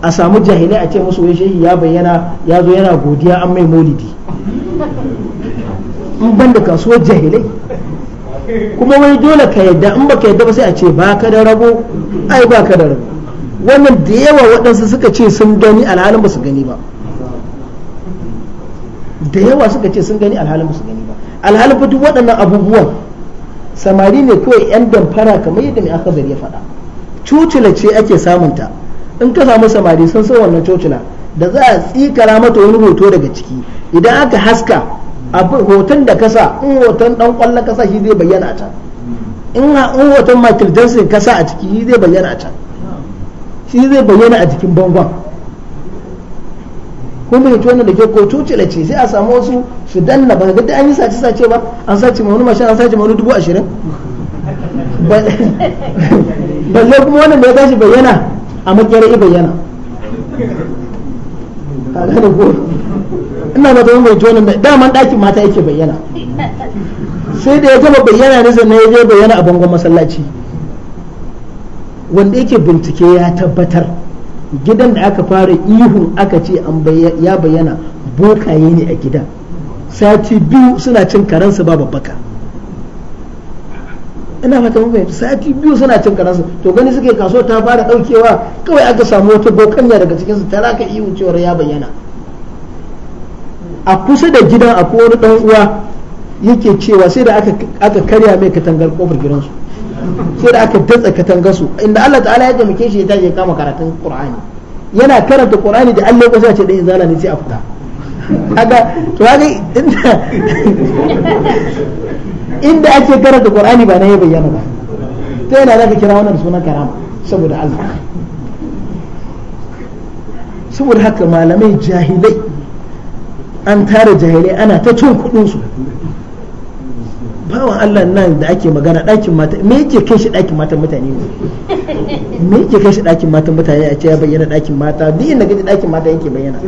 a samu jahilai a ce musu wai shehi ya bayyana ya zo yana godiya an mai molidi in ban da kasuwar jahilai kuma wai dole ka yadda in baka yadda ba sai a ce ba ka da rabo ai ba ka da rabo wannan da yawa waɗansu suka ce sun gani alhalin ba su gani ba da yawa suka ce sun gani alhalin ba su gani ba alhalin fa waɗannan abubuwan samari ne kawai yan damfara kamar yadda mai aka zari ya faɗa cucula ce ake samunta in ka samu samari sun san wannan cucula da za a tsikara mata wani hoto daga ciki idan aka haska abin hoton da kasa in hoton dan kwallon kasa shi zai bayyana a can in hoton Michael Johnson kasa a ciki shi zai bayyana a can shi zai bayyana a cikin bangon kun fahimci wannan da ke ko tucila ce sai a samu wasu su danna ba ga an yi sace sace ba an sace ma wani mashin an sace ma wani dubu ashirin balle kuma wannan da ya tashi bayyana a makera bayyana a gane ina ba da wani mai tonin daman ɗakin mata yake bayyana sai da ya gama bayyana ne sannan ya je bayyana a bangon masallaci wanda yake bincike ya tabbatar gidan da aka fara ihun aka ce ya bayyana bokaye ne a gidan sati biyu suna cin karansu ba babbaka ina fata mun fahimta sati biyu suna cin karansu to gani suke kaso ta fara daukewa kawai aka samu wata bokanya daga cikinsu ta raka ihun cewar ya bayyana a kusa da gidan akwai wani dan uwa yake cewa sai da aka karya mai katangar kofar gidansu sai da aka datsa katangar su inda Allah ta'ala ya taimake shi ya tashi ya kama karatun Qur'ani yana karanta Qur'ani da Allah ya ce dan zana ne sai a fita kaga to kaga inda inda ake karanta Qur'ani ba na ya bayyana ba ta yana zaka kira wannan sunan karama saboda Allah saboda haka malamai jahilai an tara jahilai ana ta cin kuɗin su bawan Allah nan da ake magana ɗakin mata me yake kai shi ɗakin matan mutane ne me yake kai shi ɗakin matan mutane a ce ya bayyana ɗakin mata duk inda gaji ɗakin mata yake bayyana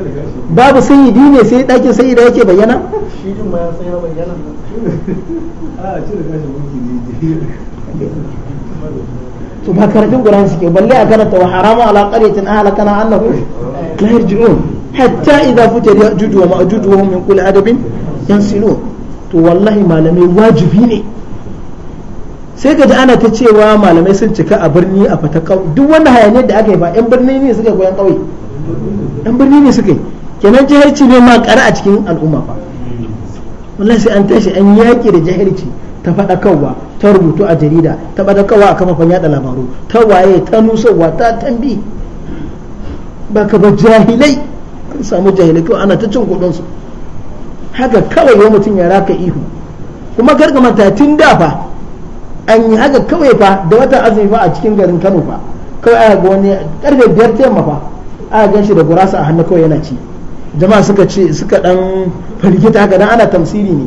babu sanyi biyu ne sai ɗakin sanyi da yake bayyana shi din ma sai ya bayyana a ce da gashi mulki ne to ba karabin Qur'ani suke balle a karanta wa haramu ala qaryatin ahlakana annahu lahir yarji'un hatta idza futira yajuju wa ma'juju wa hum min kulli adabin yansilun to wallahi malamai wajibi ne sai ka ji ana ta cewa malamai sun cika a birni a fatakau duk wanda hayaniyar da aka yi ba yan birni ne suka goyon ƙauye yan birni ne suka yi kenan jahilci ne ma kara a cikin al'umma ba wallahi sai an tashi an yaƙi da jahilci ta faɗakarwa ta rubutu a jarida ta faɗakarwa a kafafen yada labaru ta waye ta nusarwa ta tambi ba ka ba jahilai an samu jahilai kawai ana ta cin kudinsu haka kawai ya mutum ya raka ihu kuma karka ta tun da fa an yi haka kawai fa da wata azumi fa a cikin garin kano fa kawai aka ga wani karfe biyar ta yamma fa aka gan shi da gurasa a hannu kawai yana ci jama'a suka ce suka dan firgita haka dan ana tamsiri ne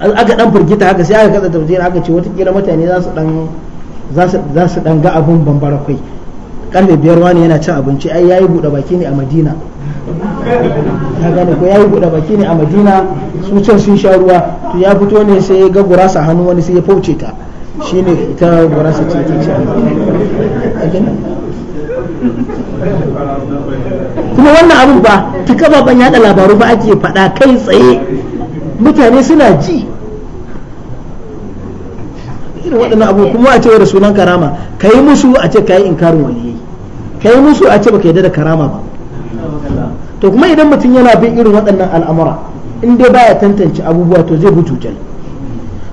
aka dan firgita haka sai aka kada tamsiri aka ce wata kira mutane za su dan za su dan ga abun bambara kai karfe biyar wani yana cin abinci ai yayi buɗe baki ne a madina ya gane ko yayi buɗe baki ne a madina su can sun sha ruwa to ya fito ne sai ya ga gurasa hannu wani sai ya fauce ta shine ita gurasa ce ta ce kuma wannan abin ba kaba ban yada labaru ba ake faɗa kai tsaye mutane suna ji irin waɗannan abu kuma a cewar sunan karama ka yi musu a ce ka yi inkarin waliyai kai musu a ce baka yadda da karama ba to kuma idan mutum yana bin irin waɗannan al'amura in dai baya tantance abubuwa to zai bi jujal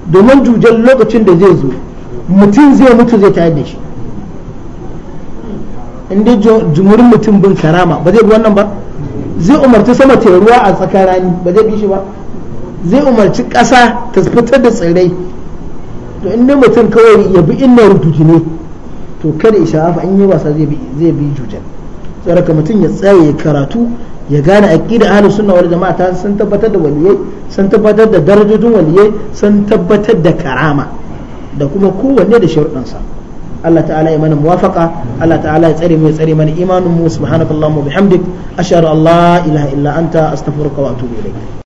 domin jujal lokacin da zai zo mutum zai mutu zai tayar da shi in dai jumurin mutum bin karama ba zai bi wannan ba zai umarci sama ta ruwa a tsakar rani ba zai bi shi ba zai umarci ƙasa ta fitar da tsirrai to in dai mutum kawai ya bi inna rubutu ne to kada isha'afa in yi wasa zai bi jujal tsaraka mutum ya tsaye ya karatu ya gane aqida ahlus sunna wal jama'a ta san tabbatar da waliyai san tabbatar da darajojin waliyai san tabbatar da karama da kuma kowanne da sharuɗansa Allah ta'ala ya mana muwafaqa Allah ta'ala ya tsare mu ya tsare mana imanin mu subhanakallahumma bihamdik ashhadu an la ilaha illa anta astaghfiruka wa atubu ilayk